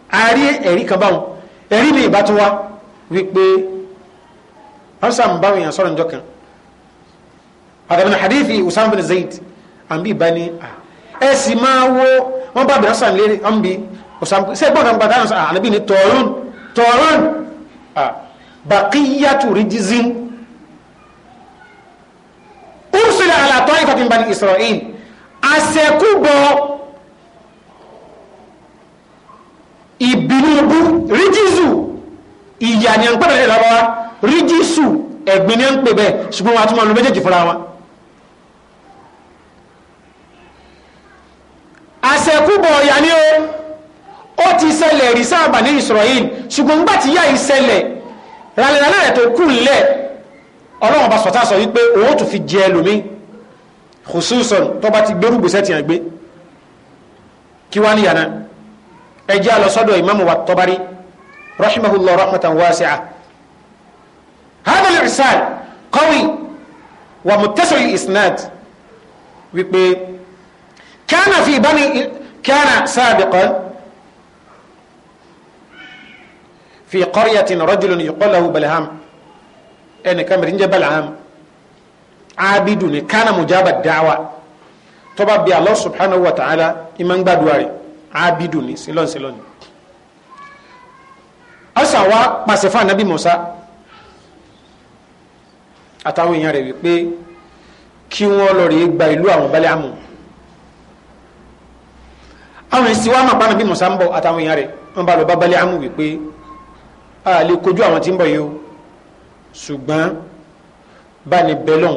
a rí ẹ̀rí kan báwọn ẹ̀rí mi ìbá tó wá wípé hamsa ń báwọn èèyàn sọ̀rọ̀ ǹjọ́ kan àdàbìnà hadithi usam bin zayd àmì ìbá ní ẹ sì máa wo wọn bá bìnrin sàn lérí ọmọ bí usam ṣe gbọ́n kan gbàdá ànábì ní tọ̀ọ̀rún tọ̀ọ̀rún baqiyatu rijzin ila ala ta'ifatin bani isra'il àṣẹkùbọ̀ ìbínúbú ríjìsù ìyà ni a ń pè bẹ́ẹ̀ lọ́wọ́ ríjìsù ẹ̀gbin ni a ń pè bẹ́ẹ̀ ṣùgbọ́n wọn a tún máa lo méjèèjì fúnra wọn. àṣẹkùbọ̀ ìyà ni o ó ti ṣẹlẹ̀ rí sáàbà ní Israel ṣùgbọ́n nígbà tí yá ìṣẹlẹ̀ ralẹ̀ralẹ̀ tó kù ńlẹ̀ ọlọ́run bá sọ̀tà sọ wípé òun tún fi jẹ ẹlòmíì khususan tó bá ti gbérù gbèsè tiẹ̀ gbé kí wá ní yàrá ẹ jẹ́ àlọ́ sọ́dọ̀ ìmáàmù wa tọ́bárí rahimahullah rahmatan wasi'a hadha al-irsal qawi wa muttasil al-isnad wípé kana fi bani kana sabiqan fi qaryatin rajulun yuqalu balham ẹnìkan mìíràn jẹ́ balham abidu ni kana mujaba da'wa tó bá bi Allah subhanahu wa ta'ala iman gbàdúrà rẹ̀ abidu ni silon silon asa wa pàṣẹ fún anabi Musa àtàwọn èèyàn rẹ̀ wípé kí wọ́n lọ rèé gba ìlú àwọn balẹ̀ àmú àwọn èsì wa máa bá anabi Musa ń bọ̀ àtàwọn èèyàn rẹ̀ wọ́n bá lọ bá balẹ̀ àmú wípé a lè kojú àwọn tí ń bọ̀ o ṣùgbọ́n bá ní bẹ́lọ̀n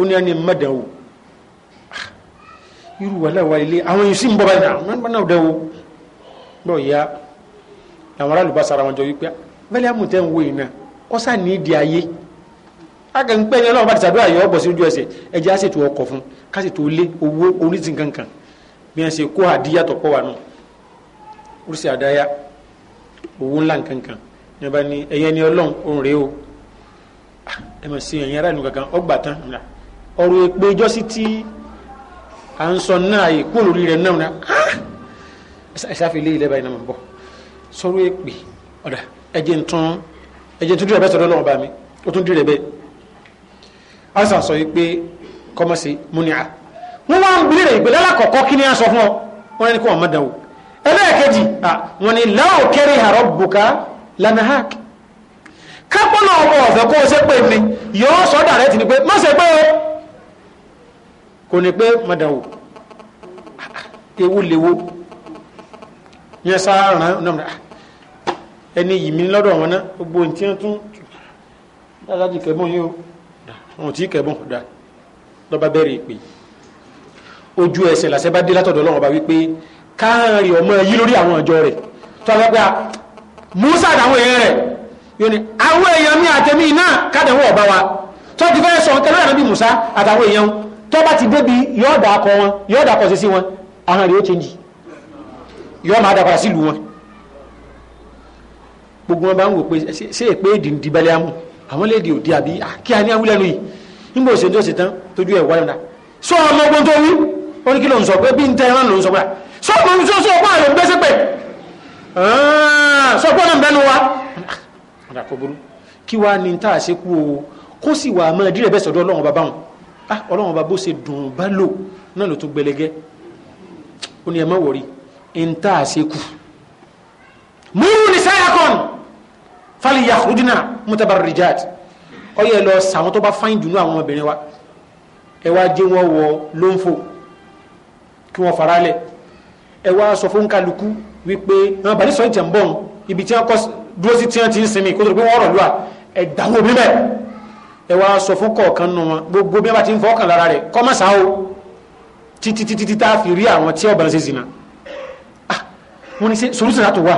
ó ní ẹni mẹ́dàn o ah, irú wà láwa ilé àwọn èyí sì ń bọ́ báyìí náà wọ́n náà dẹ́ o bọ́ ìyá làwọn aráàlú bá sara wọn jọ wípé bẹ́ẹ̀ àmú tẹ́ ń wo ìná kọ́sà ní ìdí ayé àgbẹ̀ ń pẹ́ bá ti sàdúrà yọ ọ́ bọ̀ sí ojú ẹsẹ̀ ẹjẹ́ á sì tó ọkọ̀ fún ká sì tó lé owó oríṣi kankan bí wọ́n ṣe kó àdíyà tọ̀pọ̀ wà náà oríṣi àdáyà owó ah, ẹ mọ̀ sí ẹ̀yìn aráàlú kankan ọgbà tán nìyà ọrụ ekpe a ń sọ naa yìí kú lórí rẹ̀ na náà ẹ̀sáfilé ilẹ̀ báyìí náà mọ̀ bọ̀ sọ̀rọ̀ èpè ọ̀dà ẹ̀jẹ̀ ń tún ẹ̀jẹ̀ mi ó tún dìrẹ̀ bẹ́ẹ̀ sọ yìí pé kọ́mọ́sí múnià wá ń bilẹ̀ kí ni a sọ fún ọ wọn ẹlẹ́ẹ̀kejì ni pé kò ní pẹ́ mọ̀dàwò ewu lewo yẹn sáà ràn án ẹni yìí mi lọ́dọ̀ wọn náà gbogbo ohun tí tún dáadáa kẹbọn yìí o wọn ti kẹbọn da lọba bẹ̀rẹ̀ ìpè ojú ẹsẹ̀ làṣẹ bá dé látọ̀dọ̀ Ọlọ́run ọba wípé káàrin ọmọ yìí lórí àwọn ọjọ́ rẹ̀ tó àwọn pé Musa àtàwọn èèyàn rẹ̀ yóò ní àwọn èèyàn mi àtẹmí náà kádàwọ ọba wa tó ti fẹ́ sọ nǹkan náà bí Musa àtàwọn èèyàn tọ́ba ti débi yóò dà kọ wọn yóò dà kọ sí sí wọn ahọ́n rẹ̀ ó change yóò máa dà padà sílùú wọn gbogbo wọn bá ń wò pé ṣé èpè èdè ń di balẹ̀ amú àwọn léde òde àbí kí a ní awúlẹ̀ nù yìí nígbà òsè tó ṣe tán tójú ẹ̀ wáyọ̀ náà sọ ọmọ ogun tó wí ó ní kí ló ń sọ pé bí ń tẹ ah ọlọ́wọ́n bá bó ṣe dùn bá lò náà ló tún gbẹlẹgẹ́ ó ní ẹ má wọrí ń tà á ṣe kù múrù ní sáyàkọ́n fali yakhrujna mutabarrijat ọyẹ lọ sàwọn tó bá fáyín dùnú àwọn ọmọbìnrin wa ẹ wá jẹ́ wọn wọ lóńfò kí wọ́n faralẹ̀ ẹ wá sọ fún kálukú wípé àwọn bàdí sọ ìtẹ̀ ń bọ̀ ibi tí wọ́n kọ́ dúró sí tí wọ́n ti ń sinmi kó pé wọ́n rọ̀ lù à ẹ̀ dáwọ́ bíbẹ̀ ẹ wá sọ fún kọ̀ọ̀kan nù wọn gbogbo bí wọn bá ti ń fọkàn lára rẹ kọ́mọ̀sá o títí títí títí tá fi rí àwọn tí ọ̀bàrán ṣe zina ah, wọn ni solution àtò wa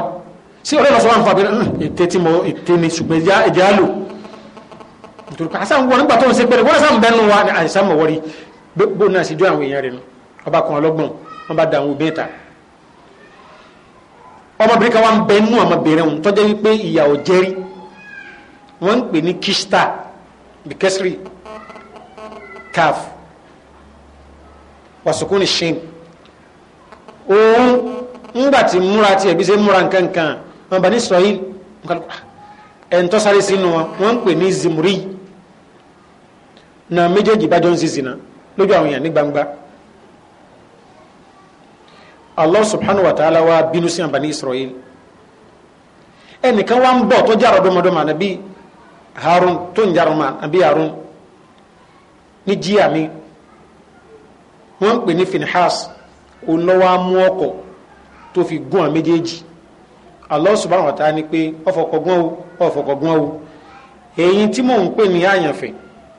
sí ọ̀rẹ́ lọ́sọ̀rọ̀ àwọn fàbí hmm, ètè tí mo ètè ni ṣùgbọ́n ẹ̀jẹ̀ á lò nítorí pé àṣà ń wọ nígbà tó ń ṣe pẹ̀lẹ́ wọ́n sàn bẹ́ẹ̀ nù wa àṣà mọ̀ wọ́rí bó náà sì jó àwọn èèyàn rẹ nu ọba kan ọlọ́gbọ̀n wọn bá da àwọn obìnrin ta ọmọbìnrin kan wà ń bẹ nù ọmọbìnrin wọn tọ́jú wípé ìyàwó jẹ́rí wọ́n ń pè ní kista بكسر كاف وسكون الشين òun ńgbà tí múra tí ẹ̀bí ṣe múra nkankan wọn bá ní Israel ẹ̀ńtọ́ sáré sínú wọn wọn ń pè ní Zimri na méjèèjì bá jọ ń zizina lójú àwọn èèyàn ní gbangba Allah subhanahu wa ta'ala wa bínú sí àbáni Israel ẹnìkan wá ń bọ̀ tó jẹ́ àrọ̀dọ́mọdọ́mọ harun tó ń jaruma harun ni jíàmí wọ́n ń pè ní finhas olówó amú ọkọ̀ tó fi gún àwọn méjèèjì Allah subhanahu wa ta'ala ni pé ọfọkọgbọn o ọfọkọgbọn o èyí tí mò ń pè ní àyànfẹ́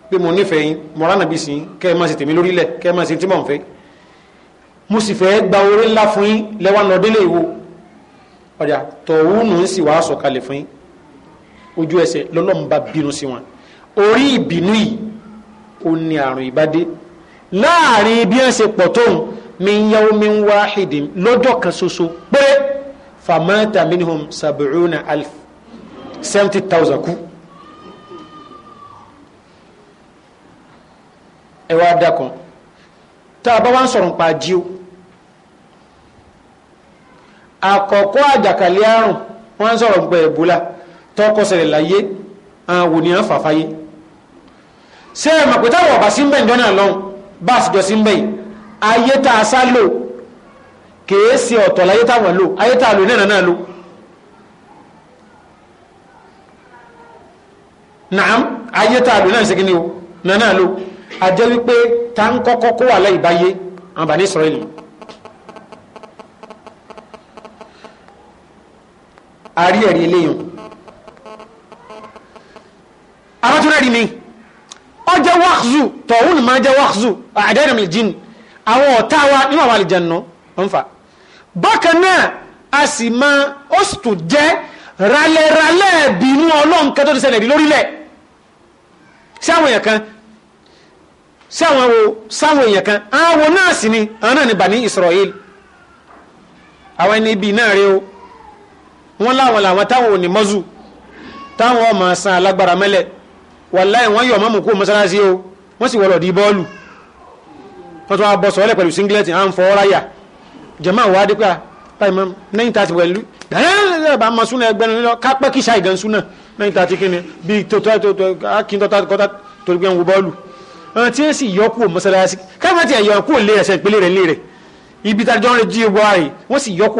pé mo nífẹ̀ẹ́ yín mo rán nàbí sìn kẹ́ ẹ máa ṣe tèmi lórílẹ̀ kẹ́ ẹ máa ṣe tí mò ń fẹ́ mo sì fẹ́ gba orí ńlá fún yín lẹ́wọ́n lọ́dẹ́lẹ̀ ìwo ọ̀dà tọ̀hún ń sì wàá sọ̀kalẹ̀ fún yín ojú ẹsẹ̀ lọ́lọ́run bá bínú sí wọn orí ìbínú yìí ó ní àrùn ìbádé láàrin bí wọ́n ṣe pọ̀ tóun min yawmin wahidin lọ́jọ́ kan ṣoṣo pé famata minhum sab'una alf seventy thousand ku ẹ wá dákan tá a bá wá ń sọ̀rọ̀ nípa jíò àkọ́kọ́ àjàkálẹ̀ àrùn wọ́n ń sọ̀rọ̀ nípa ẹ̀bólà tọ́kọsẹ̀rẹ̀ láyé àwọn òní àfàfáyé ṣe é mọ̀ pé táwọn sí ń bẹ̀yìn lọ́n bá àṣìjọ sí ń bẹ̀yìn a sá lò kèé ṣe ọ̀tọ̀ láyé táwọn lò ayé tá a lò náà náà lò nàám ayé tá a lò náà ṣe kí ni o náà náà lò a jẹ́ wípé tá ń kọ́kọ́ kó wà láì báyé àwọn Bani àrí ẹ̀rí eléyìí àwọn tó rẹ́rìí mi ọ jẹ́ wáxù tọ̀hún máa jẹ́ wáxù àdẹ́rìn mi jìn àwọn ọ̀tá wa nínú àwọn àlìjẹ̀nà ń fà bákan náà a sì máa ó sì tún jẹ́ ralẹ̀ralẹ̀ bínú ọlọ́run kẹ́tọ́ ti ṣẹlẹ̀ rí lórílẹ̀ sí àwọn sáwọn èèyàn kan àwọn náà sì ni àwọn náà ni Bani Israel àwọn ẹni ibi náà rí o wọ́n láwọn làwọn táwọn ò ní mọ́zù táwọn ọmọ san alágbára mẹ́lẹ̀ wàláì wọ́n yọ̀ mọ́mù kú mọ́sálásí o wọ́n sì wọ́lọ̀ di bọ́ọ̀lù wọ́n tún wá bọ́ sọ́ọ́lẹ̀ pẹ̀lú singlet à ń fọ́ ráyà jẹ̀mọ́ àwọn adé pé ah, báyìí mọ́ nẹ́yìn tàti pẹ̀lú bá ma súnà ẹgbẹ́ ní lọ kápẹ́ kí ṣáì gan súnà nẹ́yìn tàti kí ni bí akíntọ́ta kọ́ta torí pé ń wo bọ́ọ̀lù ọ̀n tí ó sì ti yọ kú lé ẹsẹ̀ ìpínlẹ̀ rẹ̀ lé rẹ̀ ibi tàbí jọ́rin jí ewu ààrẹ wọ́n sì yọ kú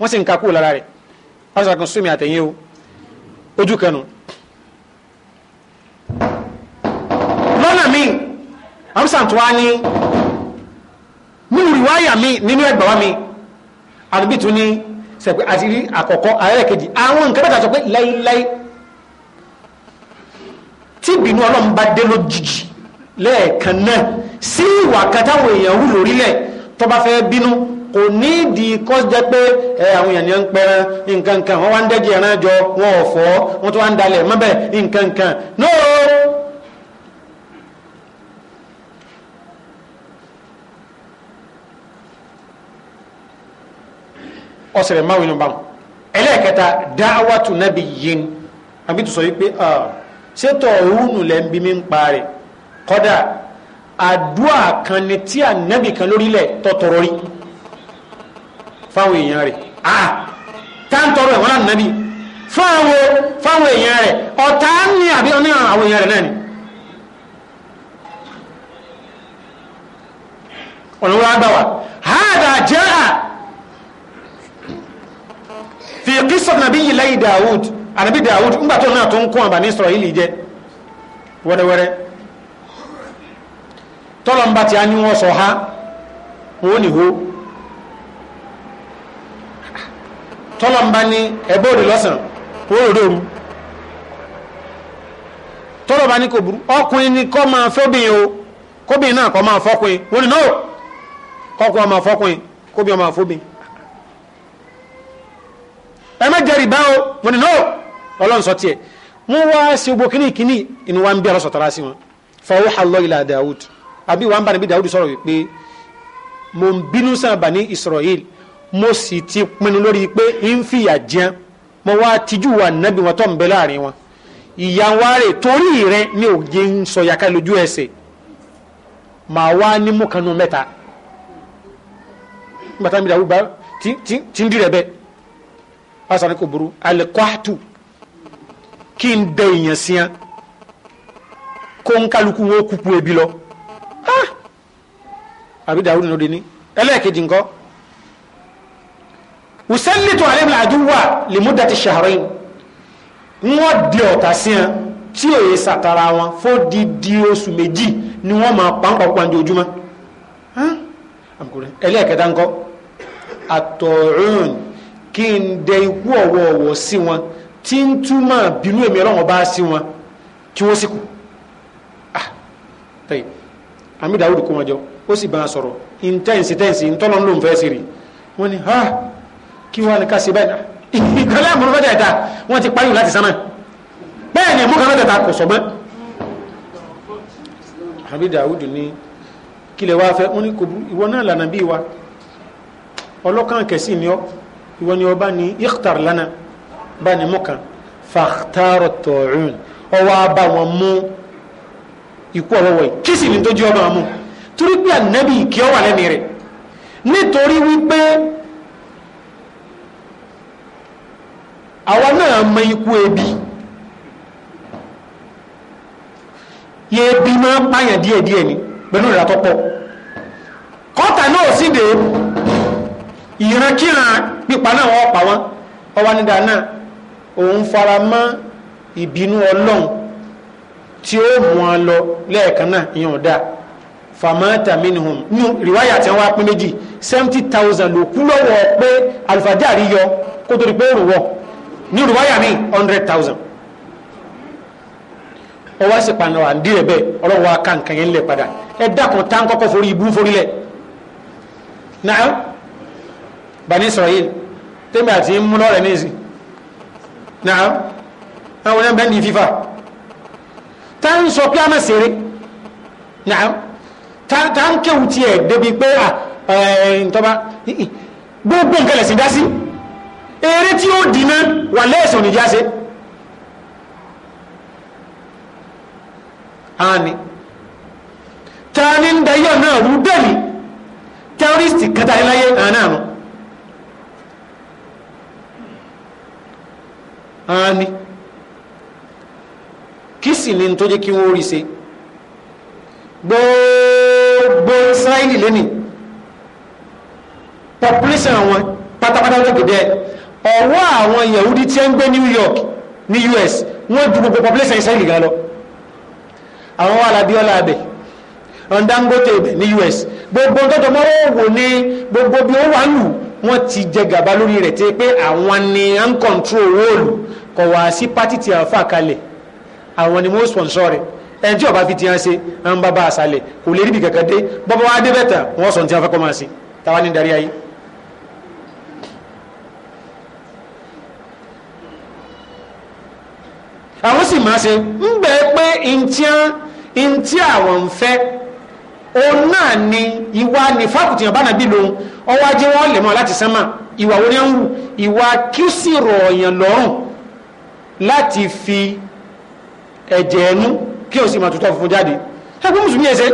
wọ́n sì ń kakú lára rẹ̀ pásítọ̀ kan súnmi àtẹ̀yìn o ojú kanu. lọ́nà mi amsan tó wá ní nínú mi nínú ẹgbàá mi àdúgbò tó ní sẹ̀pẹ́ àti rí àkọ́kọ́ àárẹ̀ kejì àwọn nǹkan bẹ́ẹ̀ ta sọ pé láíláí tí ìbínú ọlọ́run bá dé lójijì lẹ́ẹ̀kan náà sí ìwà kan táwọn èèyàn hù lórílẹ̀ tó bá fẹ́ bínú kò ní ìdí kọ́ jẹ́ pé ẹ àwọn èèyàn ní ń pẹran nǹkan wọ́n wá ń dẹ́jì ẹran jọ wọn ò fọ́ wọ́n tó wá ń dalẹ̀ mọ́bẹ̀ nǹkan kan no ọ̀sẹ̀rẹ̀ máa wínú bá ẹlẹ́ẹ̀kẹta dáwàtú nábì yín àbí tó sọ wípé ṣé tọ̀ọ̀rùnù lẹ́ ń bí mi ń pa rẹ̀ kọ́dà àdúà kan ni tí ànábì kan lórílẹ̀ tọ́tọ̀rọ̀ rí. fáwọn èèyàn rẹ ah táǹtọ̀rọ̀ ẹ̀ wọ́n láti nàbí fáwọn fáwọn èèyàn rẹ ọ̀tá ní àbí ọ̀ní àwọn èèyàn rẹ̀ náà ni. ọ̀nàwó agbáwa hádà jẹ́ à fi qissat nabiyyi llahi Dawud ànàbí Dawud ńgbà tó náà tó ń kún àbàní Israili jẹ́ wẹ́rẹ́wẹ́rẹ́ tọ́lọ̀ ń bá ti á ní wọ́n sọ ha wọ́n ní tọ́lọ̀mbá ní ẹ̀bọ́ òde lọ́sàn òòrùn tọ́lọ̀mbá ní kò burú ọkùnrin ni kọ́ máa fẹ́bìn o kóbìn náà kọ́ máa fọ́kùnrin wọ́n ni náà kọ́kùn ọmọ fọ́kùnrin kóbìn ọmọ fọ́bìn ẹ má jẹ́rìí bá o wọ́n ni náà ọlọ́run sọ tiẹ̀ wọ́n wá sí gbogbo kíní kíní inú wa ń bí ọlọ́sọ̀ tara sí wọn fọwọ́ àlọ́ ilà Dawud àbí wa ń bá níbi Dawud sọ̀rọ̀ wípé mo ń bínú sáà bà ní Israel mo sì ti pinnu lórí pé ń fìyà jẹun mo wá tijú wa nàbí wọn tó ń bẹ láàrin wọn ìyá wa rè torí rẹ ní òye ń sọ yàká lójú ẹsẹ̀ màá wá ní mùkànnù mẹ́ta bàtà mi dàrú bá tí ń dirẹ̀ bẹ́ pásítọ̀ ní kò burú alẹ́kọ́àtù kí n dẹ èèyàn sí án kó ń kálukú wọn kúkú ebi lọ àbí dàrú nínú de ní ẹlẹ́ẹ̀kejì nǹkan usalitu alayhim al-aduwwa limudati shahrayn wọ́n di ọ̀tá sí ẹ tí èyí sàtara wọn fó di di oṣù méjì ni wọ́n máa pàǹpà pàǹjọ ojúmọ́ ẹlẹ́ẹ̀kẹta ńkọ́ àtọ̀rún kí n dẹ ikú ọ̀wọ̀ọ̀wọ̀ sí wọn tí ń túmọ̀ bínú èmi ọlọ́wọ́n bá sí wọn kí wọ́n sì kú àmì dàwùdù kó wọn jọ ó sì bá a sọ̀rọ̀ intense intense ntọ́nà ló ń fẹ́ sí rí wọ́n ní ha. Ah, kí wọ́n ní ká ṣe bẹ́ẹ̀ náà ìkànlẹ́ àmúrú mẹ́ta ẹ̀ta wọ́n ti parí láti sánmà bẹ́ẹ̀ ni àmúrú mẹ́ta ẹ̀ta kò sọ́gbọ́n. àbí Dawud ní kílẹ̀ wá fẹ́ wọ́n ní kò burú ìwọ náà lànà bí wa ọlọ́kàn kẹ̀sì ni ọ ìwọ ni ọba ní ikhtar lana bá ní mọ́kàn fàtàrọ̀ tọ̀ọ̀rùn ọwọ́ abá wọn mú ikú ọlọ́wọ́ yìí kí sì ni tó jẹ́ ọba wọn mú torí pé ànábì kí ọ wà lẹ́mìí rẹ̀ nítorí wípé àwa náà mọ ikú ebi yẹ ebi ma ń pààyàn díẹ̀díẹ̀ ni pẹ̀lú ìrìnàtọ́ pọ̀ kọ́tà náà sì dé ìrankíran pípa náà wọ́n pa wọ́n ọwọ́ nídàá náà òun fara mọ́ ìbínú ọlọ́run tí ó mú lọ lẹ́ẹ̀kan náà ìyẹn ò famata nu riwaya ti wọn pín méjì seventy thousand ló kú lọ́wọ́ yọ kó tó di pé òrùwọ ní rúwáyà mi hundred thousand ọ wá sí pàǹdà wà ndí rẹ bẹ́ẹ̀ ọlọ́wọ́ aká nǹkan yẹn lẹ̀ padà ẹ dákun tá n kọ́kọ́ forí ibú forí lẹ̀ náà bani Israel tẹ́mi àti múlọ́ rẹ̀ níìsín náà àwọn ẹ̀ bẹ́ẹ̀ ní fífa tá n sọ pé a máa ṣeré náà tá n kéwù tiẹ̀ débi pé à ẹ̀ ntọ́ba gbogbo nǹkan lẹ̀ sí dá sí eré tí ó dìna wà lẹ́ẹ̀sùn nìjà ṣe àní ta ni ń dayọ̀ náà rú bẹ́ẹ̀lì tẹ́rìsìtì kẹta iláyé àánáàánú àní kí sì ni tó jẹ́ kí wọ́n rí ṣe gbogbo Israeli lẹ́nìí population wọn pátápátá lókè bẹ́ẹ̀ ọ̀wọ́ àwọn yahudi tí ń gbé new york ní us wọ́n ju gbogbo population israeli gan lọ àwọn wà ládìọ́lá abẹ ọ̀ndángótè ibẹ̀ ní us gbogbo tọ́jọ́ mọ́ wò ní gbogbo bí ó wà lù wọ́n ti jẹ gàba lórí rẹ̀ tí pé àwọn ni à ń kọ̀ntró owó òlù kọ̀ wá sí pátì tí àwọn fà kalẹ̀ àwọn ni wọ́n sponsor rẹ̀ ẹni tí ọba fi tiẹ́ ṣe ń bá bá àṣálẹ̀ kò lè ríbi kẹ̀kẹ́ dé bọ́bá wa dé bẹ́tà wọ́n sọ ní tí wọ́n máa ṣe táwa ní darí ayé. àwọn sì máa ṣe ń gbẹ pé ntí àwọn ń fẹ́ òun náà ni ìwà ní fákùtì àbánàbí lòun ọwọ́ ajé wọn lè mọ́ láti sánmà ìwà wo ni ń wù ìwà kí ó sì rọ̀ ọ̀yàn lọ́rùn láti fi ẹ̀jẹ̀ ẹnu kí o sì máa tutọ́ funfun jáde ẹgbẹ́ mùsùlùmí ẹsẹ̀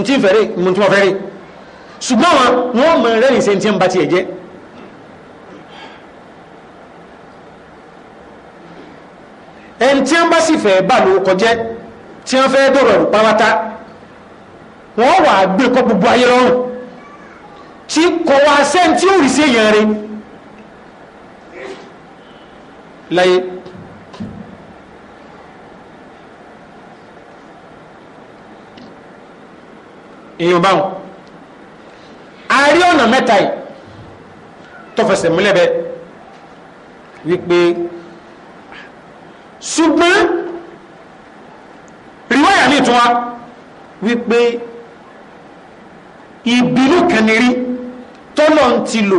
ntí fẹ́rẹ̀ mùtúmọ̀ fẹ́rẹ̀ ṣùgbọ́n wọn wọn mọ̀ rẹ́rìn ṣe ntí ń bá tiẹ̀ jẹ́ ẹni tí wọ́n bá sì fẹ́ bà ló kọjẹ́ tí wọ́n fẹ́ dọ̀rọ̀ ẹ̀rù pátá wọ́n wà gbé kọ́ gbogbo ayé lọ́rùn tí kò wá sẹ́ni tí ó rì sí èèyàn rẹ̀ láyé èèyàn báwọn a ọ̀nà mẹ́ta yìí tó múlẹ̀ bẹ́ẹ̀ wípé ṣùgbọ́n rìwáyà ní ìtura wípé ìbínú kànírí tọ́lọ̀ ń ti lò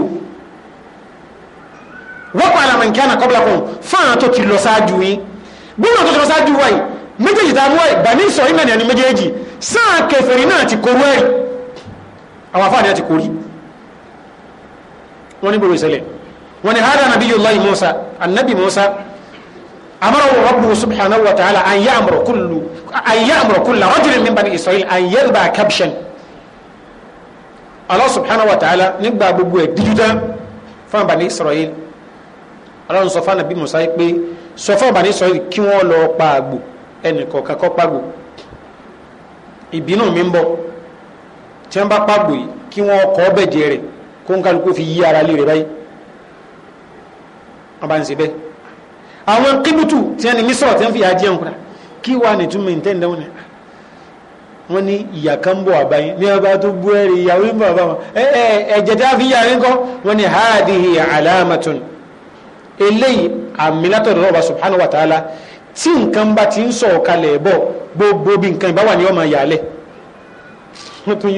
wọ́pọ̀ alàmìnkí àná kọ́bílà fún fáwọn tó ti lọ sáájú yín gbọ́nà tó ti lọ sáájú wáyé méjèèjì tá a mú ẹ̀ bàní ìsọ̀rí náà ní ẹni méjèèjì sáà kẹfẹ̀rí náà ti kó wẹ́rì àwọn afáàní àti kórí wọ́n ní gbogbo ìṣẹ̀lẹ̀ wọ́n ní hádà nàbí yóò lọ́yìn Musa annabi Musa amara rabbu subhanahu wa ta'ala an ya'muru kullu an ya'muru kullu rajulin min bani israel an yadhba kabshan Allah subhanahu wa ta'ala nígbà gbogbo ẹ̀ díjúdá fún bani israel Allah sọ fún Ànábì Mùsá pé sọ fún bani israel kí wọ́n lọ pa àgbò ẹnìkọ̀ọ̀kan kó pa àgbò ìbínú mi ń bọ̀ tí wọ́n bá pa àgbò yìí kí wọ́n kọ́ bẹ̀jẹ̀ rẹ̀ kó ń fi yí ara lé rẹ̀ báyìí wọ́n bá ń ṣe àwọn kíbùtù tí wọ́n ní mísọ̀rọ̀ tí wọ́n fi àjẹ́ òkúta kí wà ní túnmí ìtẹ́ǹdẹ́ wọn wọ́n ni ìyà kan bọ̀ àbáyé ní ọba tó bú ẹ̀rì ìyàwó ń bọ̀ àbá wọn ẹ̀jẹ̀ a fi ala ń kọ́ wọ́n ní hadihi alamatun eléyìí ọba subhanahu wa ta'ala tí nǹkan bá ti ń sọ̀ kalẹ̀ bọ̀ gbogbo bí nǹkan ìbáwà ni ọmọ ìyàlẹ̀ wọ́n tún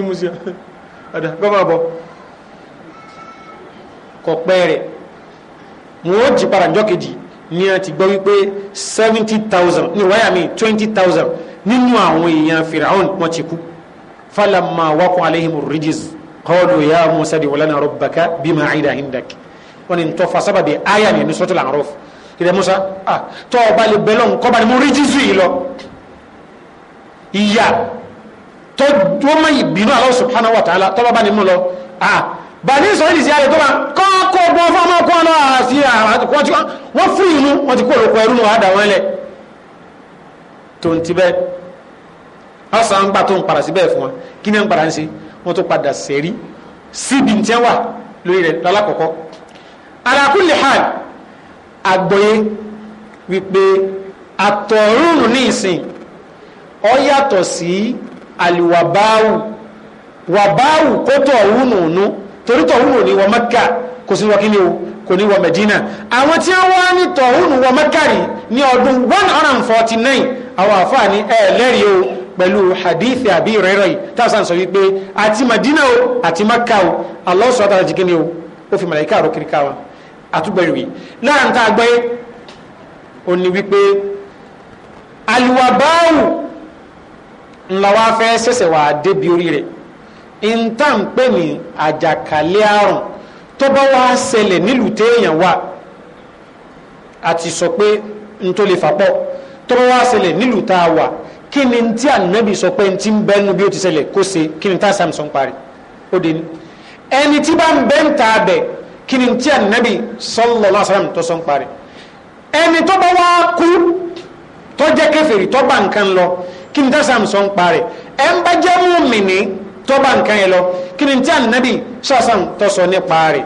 yí sí ní a ti gbọ́ wípé seventy thousand ní wáyà mi twenty thousand nínú àwọn èèyàn firaun wọn ti kú falamma waqa'a alayhim ar-rijz qalu ya musa di walana rabbaka bima 'ahida 'indak wọn ni n tọ́ fa sábàbí aya ni ní suratul A'raf ìrẹ musa ah tọ́ ọba lè bẹ́lọ̀ nǹkan bá ní mo ríjìzù yìí lọ ìyá tọ́ wọ́n mọ̀ ìbínú Allah subhanahu wa ta'ala tọ́ bá bá ní lọ ah bàní ìsọ̀rìlì sí ayé tó bá kọ́kọ́ ọgbọ́n fún ọmọ ọkọ̀ náà sí àwọn tí wọ́n fún ìlú wọ́n ti kó òkú ẹrú náà dà wọ́n lẹ̀ tó ń ti bẹ́ ọ̀sán ń gbà tó ń padà sí bẹ́ẹ̀ fún wa kí ni ń padà ń ṣe wọ́n tó padà sẹ́rí síbi tí wà lórí rẹ̀ lálákọ̀ọ́kọ́ ala kulli àgbọ̀yé wípé àtọ̀rùn ní ọ yàtọ̀ sí àlìwàbáwù wàbáwù kótó ọ̀hún nùnú torí tọ̀húnù ní wọ mẹ́kà kò sí wọ kíni o kò ní wọ mẹ́dínà àwọn tí wọ́n ní tọ̀húnù wọ mẹ́kà rí ní ọdún 149 àwọn àfáà ní ẹ̀ẹ́lẹ́rìí o pẹ̀lú hadithi àbí ìrẹ́rẹ́ yìí táwọn sọ wípé àti mẹ́dínà o àti mẹ́kà o Allah subhanahu wa ta'ala jí kíni o ó fi màláíkà àrò kiri káwa àtúbẹ̀rù yìí láàrín tá a gbé o ní wípé aliwabáwù ńlá wa fẹ́ sẹ̀sẹ̀ wà débi orí rẹ̀ ìntà ń pè ní àjàkálẹ̀ àrùn tó bá wá ṣẹlẹ̀ nílùú téèyàn wà àti sọ pé n tó lè fàpọ̀ tó bá wá ṣẹlẹ̀ nílùú tá a wà kí ni tí ànábì sọ pé n ń bẹ́nu bí ó ti ṣẹlẹ̀ kó ṣe kí ni tá samson parí ó dé ní ẹni tí bá ń bẹ́ ń ta abẹ kí ni tí ànábì sallallahu alaihi wasallam tó sọ ń parí ẹni tó bá wá kú tó jẹ́ kèfèrí tó bá nǹkan lọ kí ni tá samson parí ẹ ń bá jẹ́ mú mi ní. tó bá nǹkan yẹn lọ kí ni tí ànábì sàṣàn tọ́sọ nípa rẹ̀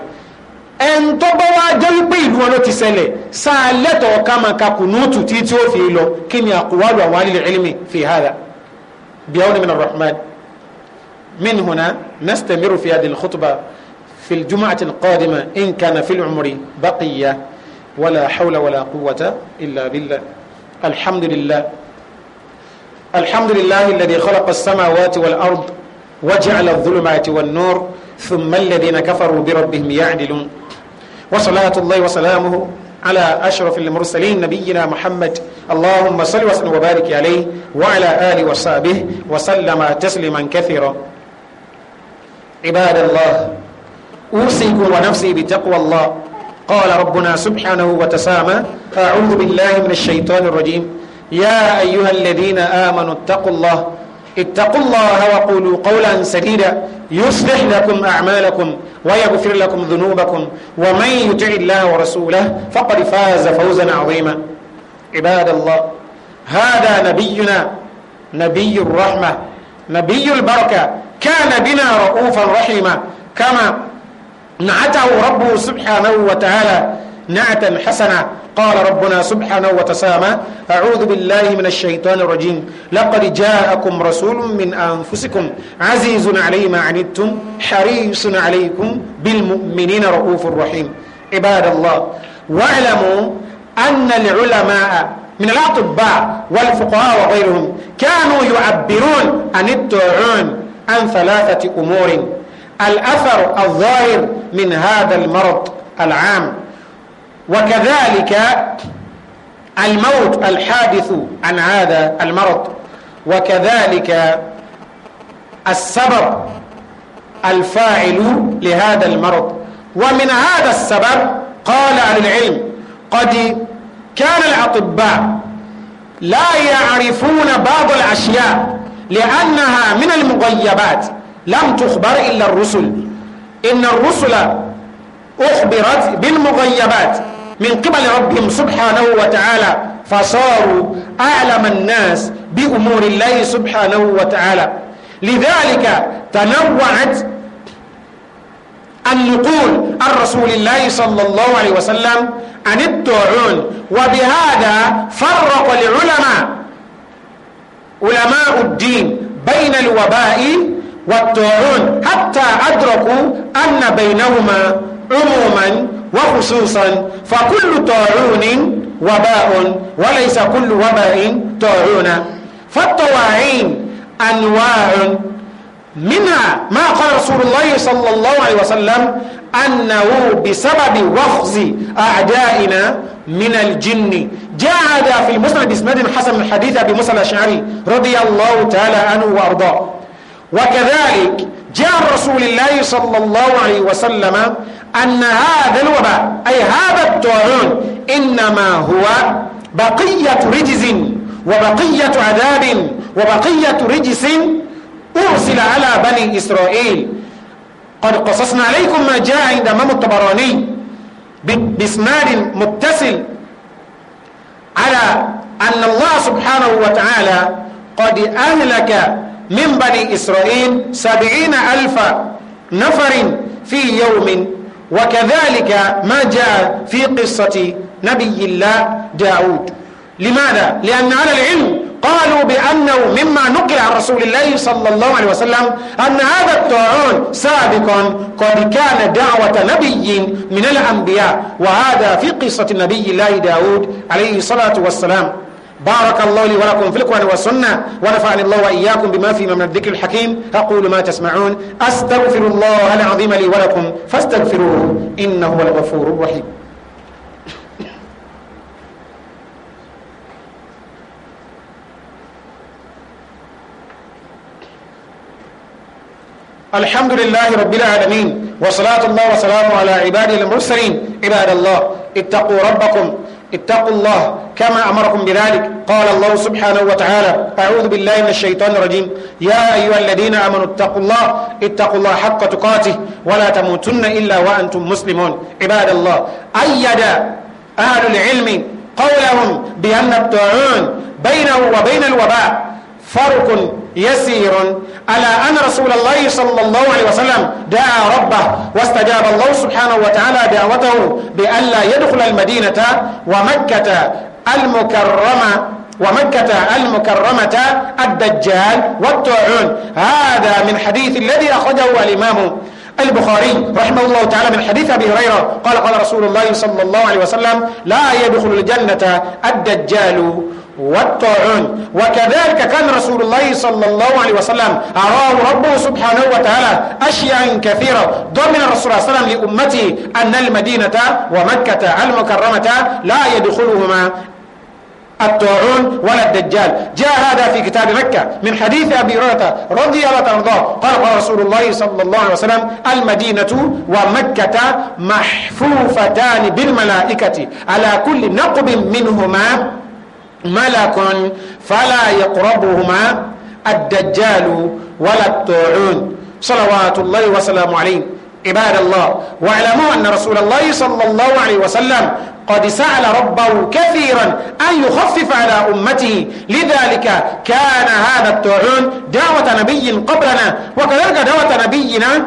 ẹn tó bá wá jẹ́ wípé ìlú wọn ló ti anabi sasan so nipa sáà lẹ́tọ̀ọ́ ká máa ka kùnúùtù tí tí ó fi lọ kí ni àkùwálù àwọn alẹ́ ilmi fi hàdà bíyàwó ni min ar-rahman min huna nastamiru fi hadhihi al-khutba fi al-jumu'ah al-qadima in kana bá kì í ya wala hawla wala quwwata illa billah alhamdulillah alhamdulillah alladhi khalaqa as-samawati wàlà ard وجعل الظلمات والنور ثم الذين كفروا بربهم يعدلون وصلاة الله وسلامه على أشرف المرسلين نبينا محمد اللهم صل وسلم وبارك عليه وعلى آله وصحبه وسلم تسليما كثيرا عباد الله أوصيكم ونفسي بتقوى الله قال ربنا سبحانه وتسامى أعوذ بالله من الشيطان الرجيم يا أيها الذين آمنوا اتقوا الله اتقوا الله وقولوا قولا سديدا يصلح لكم أعمالكم ويغفر لكم ذنوبكم ومن يطع الله ورسوله فقد فاز فوزا عظيما عباد الله هذا نبينا نبي الرحمة نبي البركة كان بنا رؤوفا رحيما كما نعته ربه سبحانه وتعالى نعتا حسنا قال ربنا سبحانه وتسامى أعوذ بالله من الشيطان الرجيم لقد جاءكم رسول من أنفسكم عزيز علي ما عنتم حريص عليكم بالمؤمنين رؤوف رحيم عباد الله واعلموا أن العلماء من الأطباء والفقهاء وغيرهم كانوا يعبرون عن الطاعون عن ثلاثة أمور الأثر الظاهر من هذا المرض العام وكذلك الموت الحادث عن هذا المرض وكذلك السبب الفاعل لهذا المرض ومن هذا السبب قال عن العلم قد كان الأطباء لا يعرفون بعض الأشياء لأنها من المغيبات لم تخبر إلا الرسل إن الرسل أخبرت بالمغيبات من قبل ربهم سبحانه وتعالى فصاروا أعلم الناس بأمور الله سبحانه وتعالى لذلك تنوعت النقول عن رسول الله صلى الله عليه وسلم عن الطاعون وبهذا فرق العلماء علماء الدين بين الوباء والطاعون حتى أدركوا أن بينهما عموما وخصوصا فكل طاعون وباء وليس كل وباء طاعون فالطواعين أنواع منها ما قال رسول الله صلى الله عليه وسلم أنه بسبب وخز أعدائنا من الجن جاء هذا في مسند بإسناد حسن الحديث أبي موسى الأشعري رضي الله تعالى عنه وأرضاه وكذلك جاء رسول الله صلى الله عليه وسلم أن هذا الوباء أي هذا الطاعون إنما هو بقية رجز وبقية عذاب وبقية رجس أرسل على بني إسرائيل قد قصصنا عليكم ما جاء عند امام الطبراني باسناد متصل على أن الله سبحانه وتعالى قد أهلك من بني إسرائيل سبعين ألف نفر في يوم وكذلك ما جاء في قصة نبي الله داود لماذا؟ لأن على العلم قالوا بأنه مما نقل عن رسول الله صلى الله عليه وسلم أن هذا الطاعون سابقا قد كان دعوة نبي من الأنبياء وهذا في قصة نبي الله داود عليه الصلاة والسلام بارك الله لي ولكم في القرآن والسنة ونفعني الله وإياكم بما فيما من الذكر الحكيم أقول ما تسمعون أستغفر الله العظيم لي ولكم فاستغفروه إنه هو الغفور الرحيم الحمد لله رب العالمين وصلاة الله وسلامه على عباده المرسلين عباد الله اتقوا ربكم اتقوا الله كما أمركم بذلك قال الله سبحانه وتعالى أعوذ بالله من الشيطان الرجيم يا أيها الذين آمنوا اتقوا الله اتقوا الله حق تقاته ولا تموتن إلا وأنتم مسلمون عباد الله أيد أهل العلم قولهم بأن الطاعون بينه وبين الوباء فرق يسير على أن رسول الله صلى الله عليه وسلم دعا ربه واستجاب الله سبحانه وتعالى دعوته بألا يدخل المدينة ومكة المكرمة ومكة المكرمة الدجال والطاعون هذا من حديث الذي أخرجه الإمام البخاري رحمه الله تعالى من حديث أبي هريرة قال قال رسول الله صلى الله عليه وسلم لا يدخل الجنة الدجال والطاعون وكذلك كان رسول الله صلى الله عليه وسلم أراه ربه سبحانه وتعالى أشياء كثيرة ضمن الرسول صلى الله عليه وسلم لأمته أن المدينة ومكة المكرمة لا يدخلهما الطاعون ولا الدجال جاء هذا في كتاب مكة من حديث أبي هريرة رضي الله عنه قال قال رسول الله صلى الله عليه وسلم المدينة ومكة محفوفتان بالملائكة على كل نقب منهما ملك فلا يقربهما الدجال ولا الطاعون صلوات الله وسلامه عليه عباد الله واعلموا أن رسول الله صلى الله عليه وسلم قد سأل ربه كثيرا أن يخفف على أمته لذلك كان هذا الطاعون دعوة نبي قبلنا وكذلك دعوة نبينا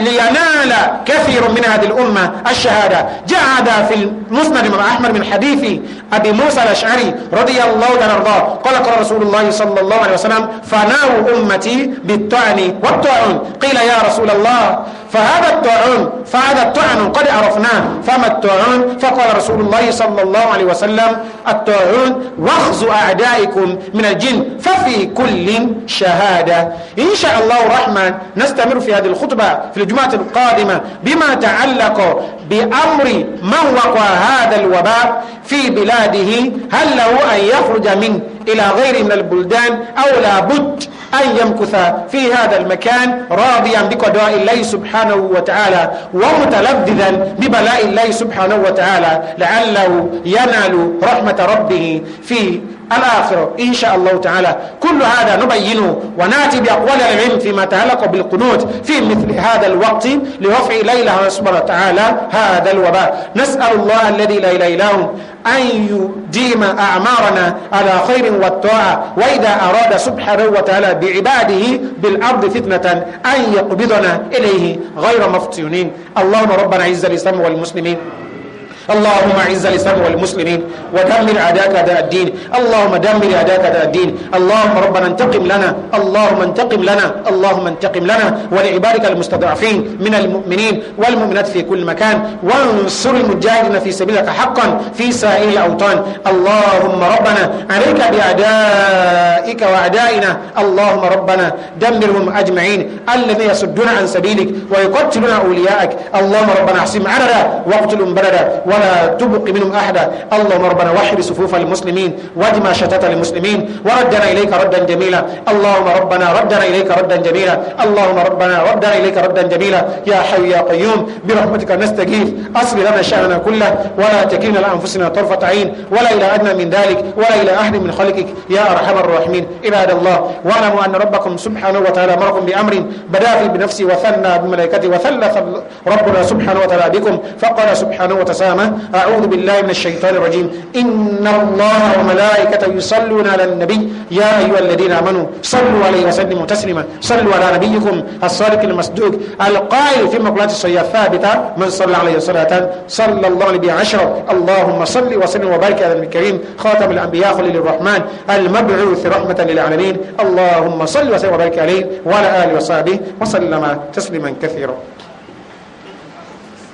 لينال كثير من هذه الأمة الشهادة جاء هذا في المسند من أحمد من حديث أبي موسى الأشعري رضي الله عنه وارضاه قال قال رسول الله صلى الله عليه وسلم فناو أمتي بالتعن والتعون قيل يا رسول الله فهذا التعون فهذا التعن قد عرفناه فما التعون فقال رسول رسول الله صلى الله عليه وسلم الطاعون واخذ أعدائكم من الجن ففي كل شهادة إن شاء الله الرحمن نستمر في هذه الخطبة في الجمعة القادمة بما تعلق بأمر من وقع هذا الوباء في بلاده هل له أن يخرج منه إلى غير من البلدان أو بد أن يمكث في هذا المكان راضيا بقضاء الله سبحانه وتعالى ومتلذذا ببلاء الله سبحانه وتعالى لعله ينال رحمة ربه في الآخرة إن شاء الله تعالى كل هذا نبينه ونأتي بأقوال العلم فيما تعلق بالقنوت في مثل هذا الوقت لرفع ليلة سبحانه وتعالى هذا الوباء نسأل الله الذي لا إله إلا هو أن يديم أعمارنا على خير والطاعة وإذا أراد سبحانه وتعالى بعباده بالأرض فتنة أن يقبضنا إليه غير مفتونين اللهم ربنا عز الإسلام والمسلمين اللهم اعز الاسلام والمسلمين ودمر اعداءك اعداء الدين اللهم دمر اعداءك اعداء الدين اللهم ربنا انتقم لنا اللهم انتقم لنا اللهم انتقم لنا ولعبادك المستضعفين من المؤمنين والمؤمنات في كل مكان وانصر المجاهدين في سبيلك حقا في سائر الاوطان اللهم ربنا عليك باعدائك واعدائنا اللهم ربنا دمرهم اجمعين الذين يصدون عن سبيلك ويقتلون اولياءك اللهم ربنا احسن عددا واقتلهم بلدا ولا تبقي منهم أحدا اللهم ربنا وحر صفوف المسلمين ودم شتات المسلمين وردنا إليك ردا جميلا اللهم ربنا ردنا إليك ردا جميلا اللهم ربنا ردنا إليك ردا جميلا يا حي يا قيوم برحمتك نستجيب أصل لنا شأننا كله ولا تكلنا لأنفسنا طرفة عين ولا إلى أدنى من ذلك ولا إلى أحد من خلقك يا أرحم الراحمين عباد الله واعلموا أن ربكم سبحانه وتعالى أمركم بأمر بدأ في بنفسه وثنى بملائكته وثلث ربنا سبحانه وتعالى بكم فقال سبحانه وتسامى أعوذ بالله من الشيطان الرجيم إن الله وملائكته يصلون على النبي يا أيها الذين آمنوا صلوا عليه وسلموا تسليما صلوا على نبيكم الصادق المصدوق القائل في مقولات الصيام الثابتة من صلى عليه صلاة صلى الله عليه عشرة اللهم صل وسلم وبارك على الكريم خاتم الأنبياء خليل الرحمن المبعوث رحمة للعالمين اللهم صل وسلم وبارك عليه وعلى آله وصحبه وسلم تسليما كثيرا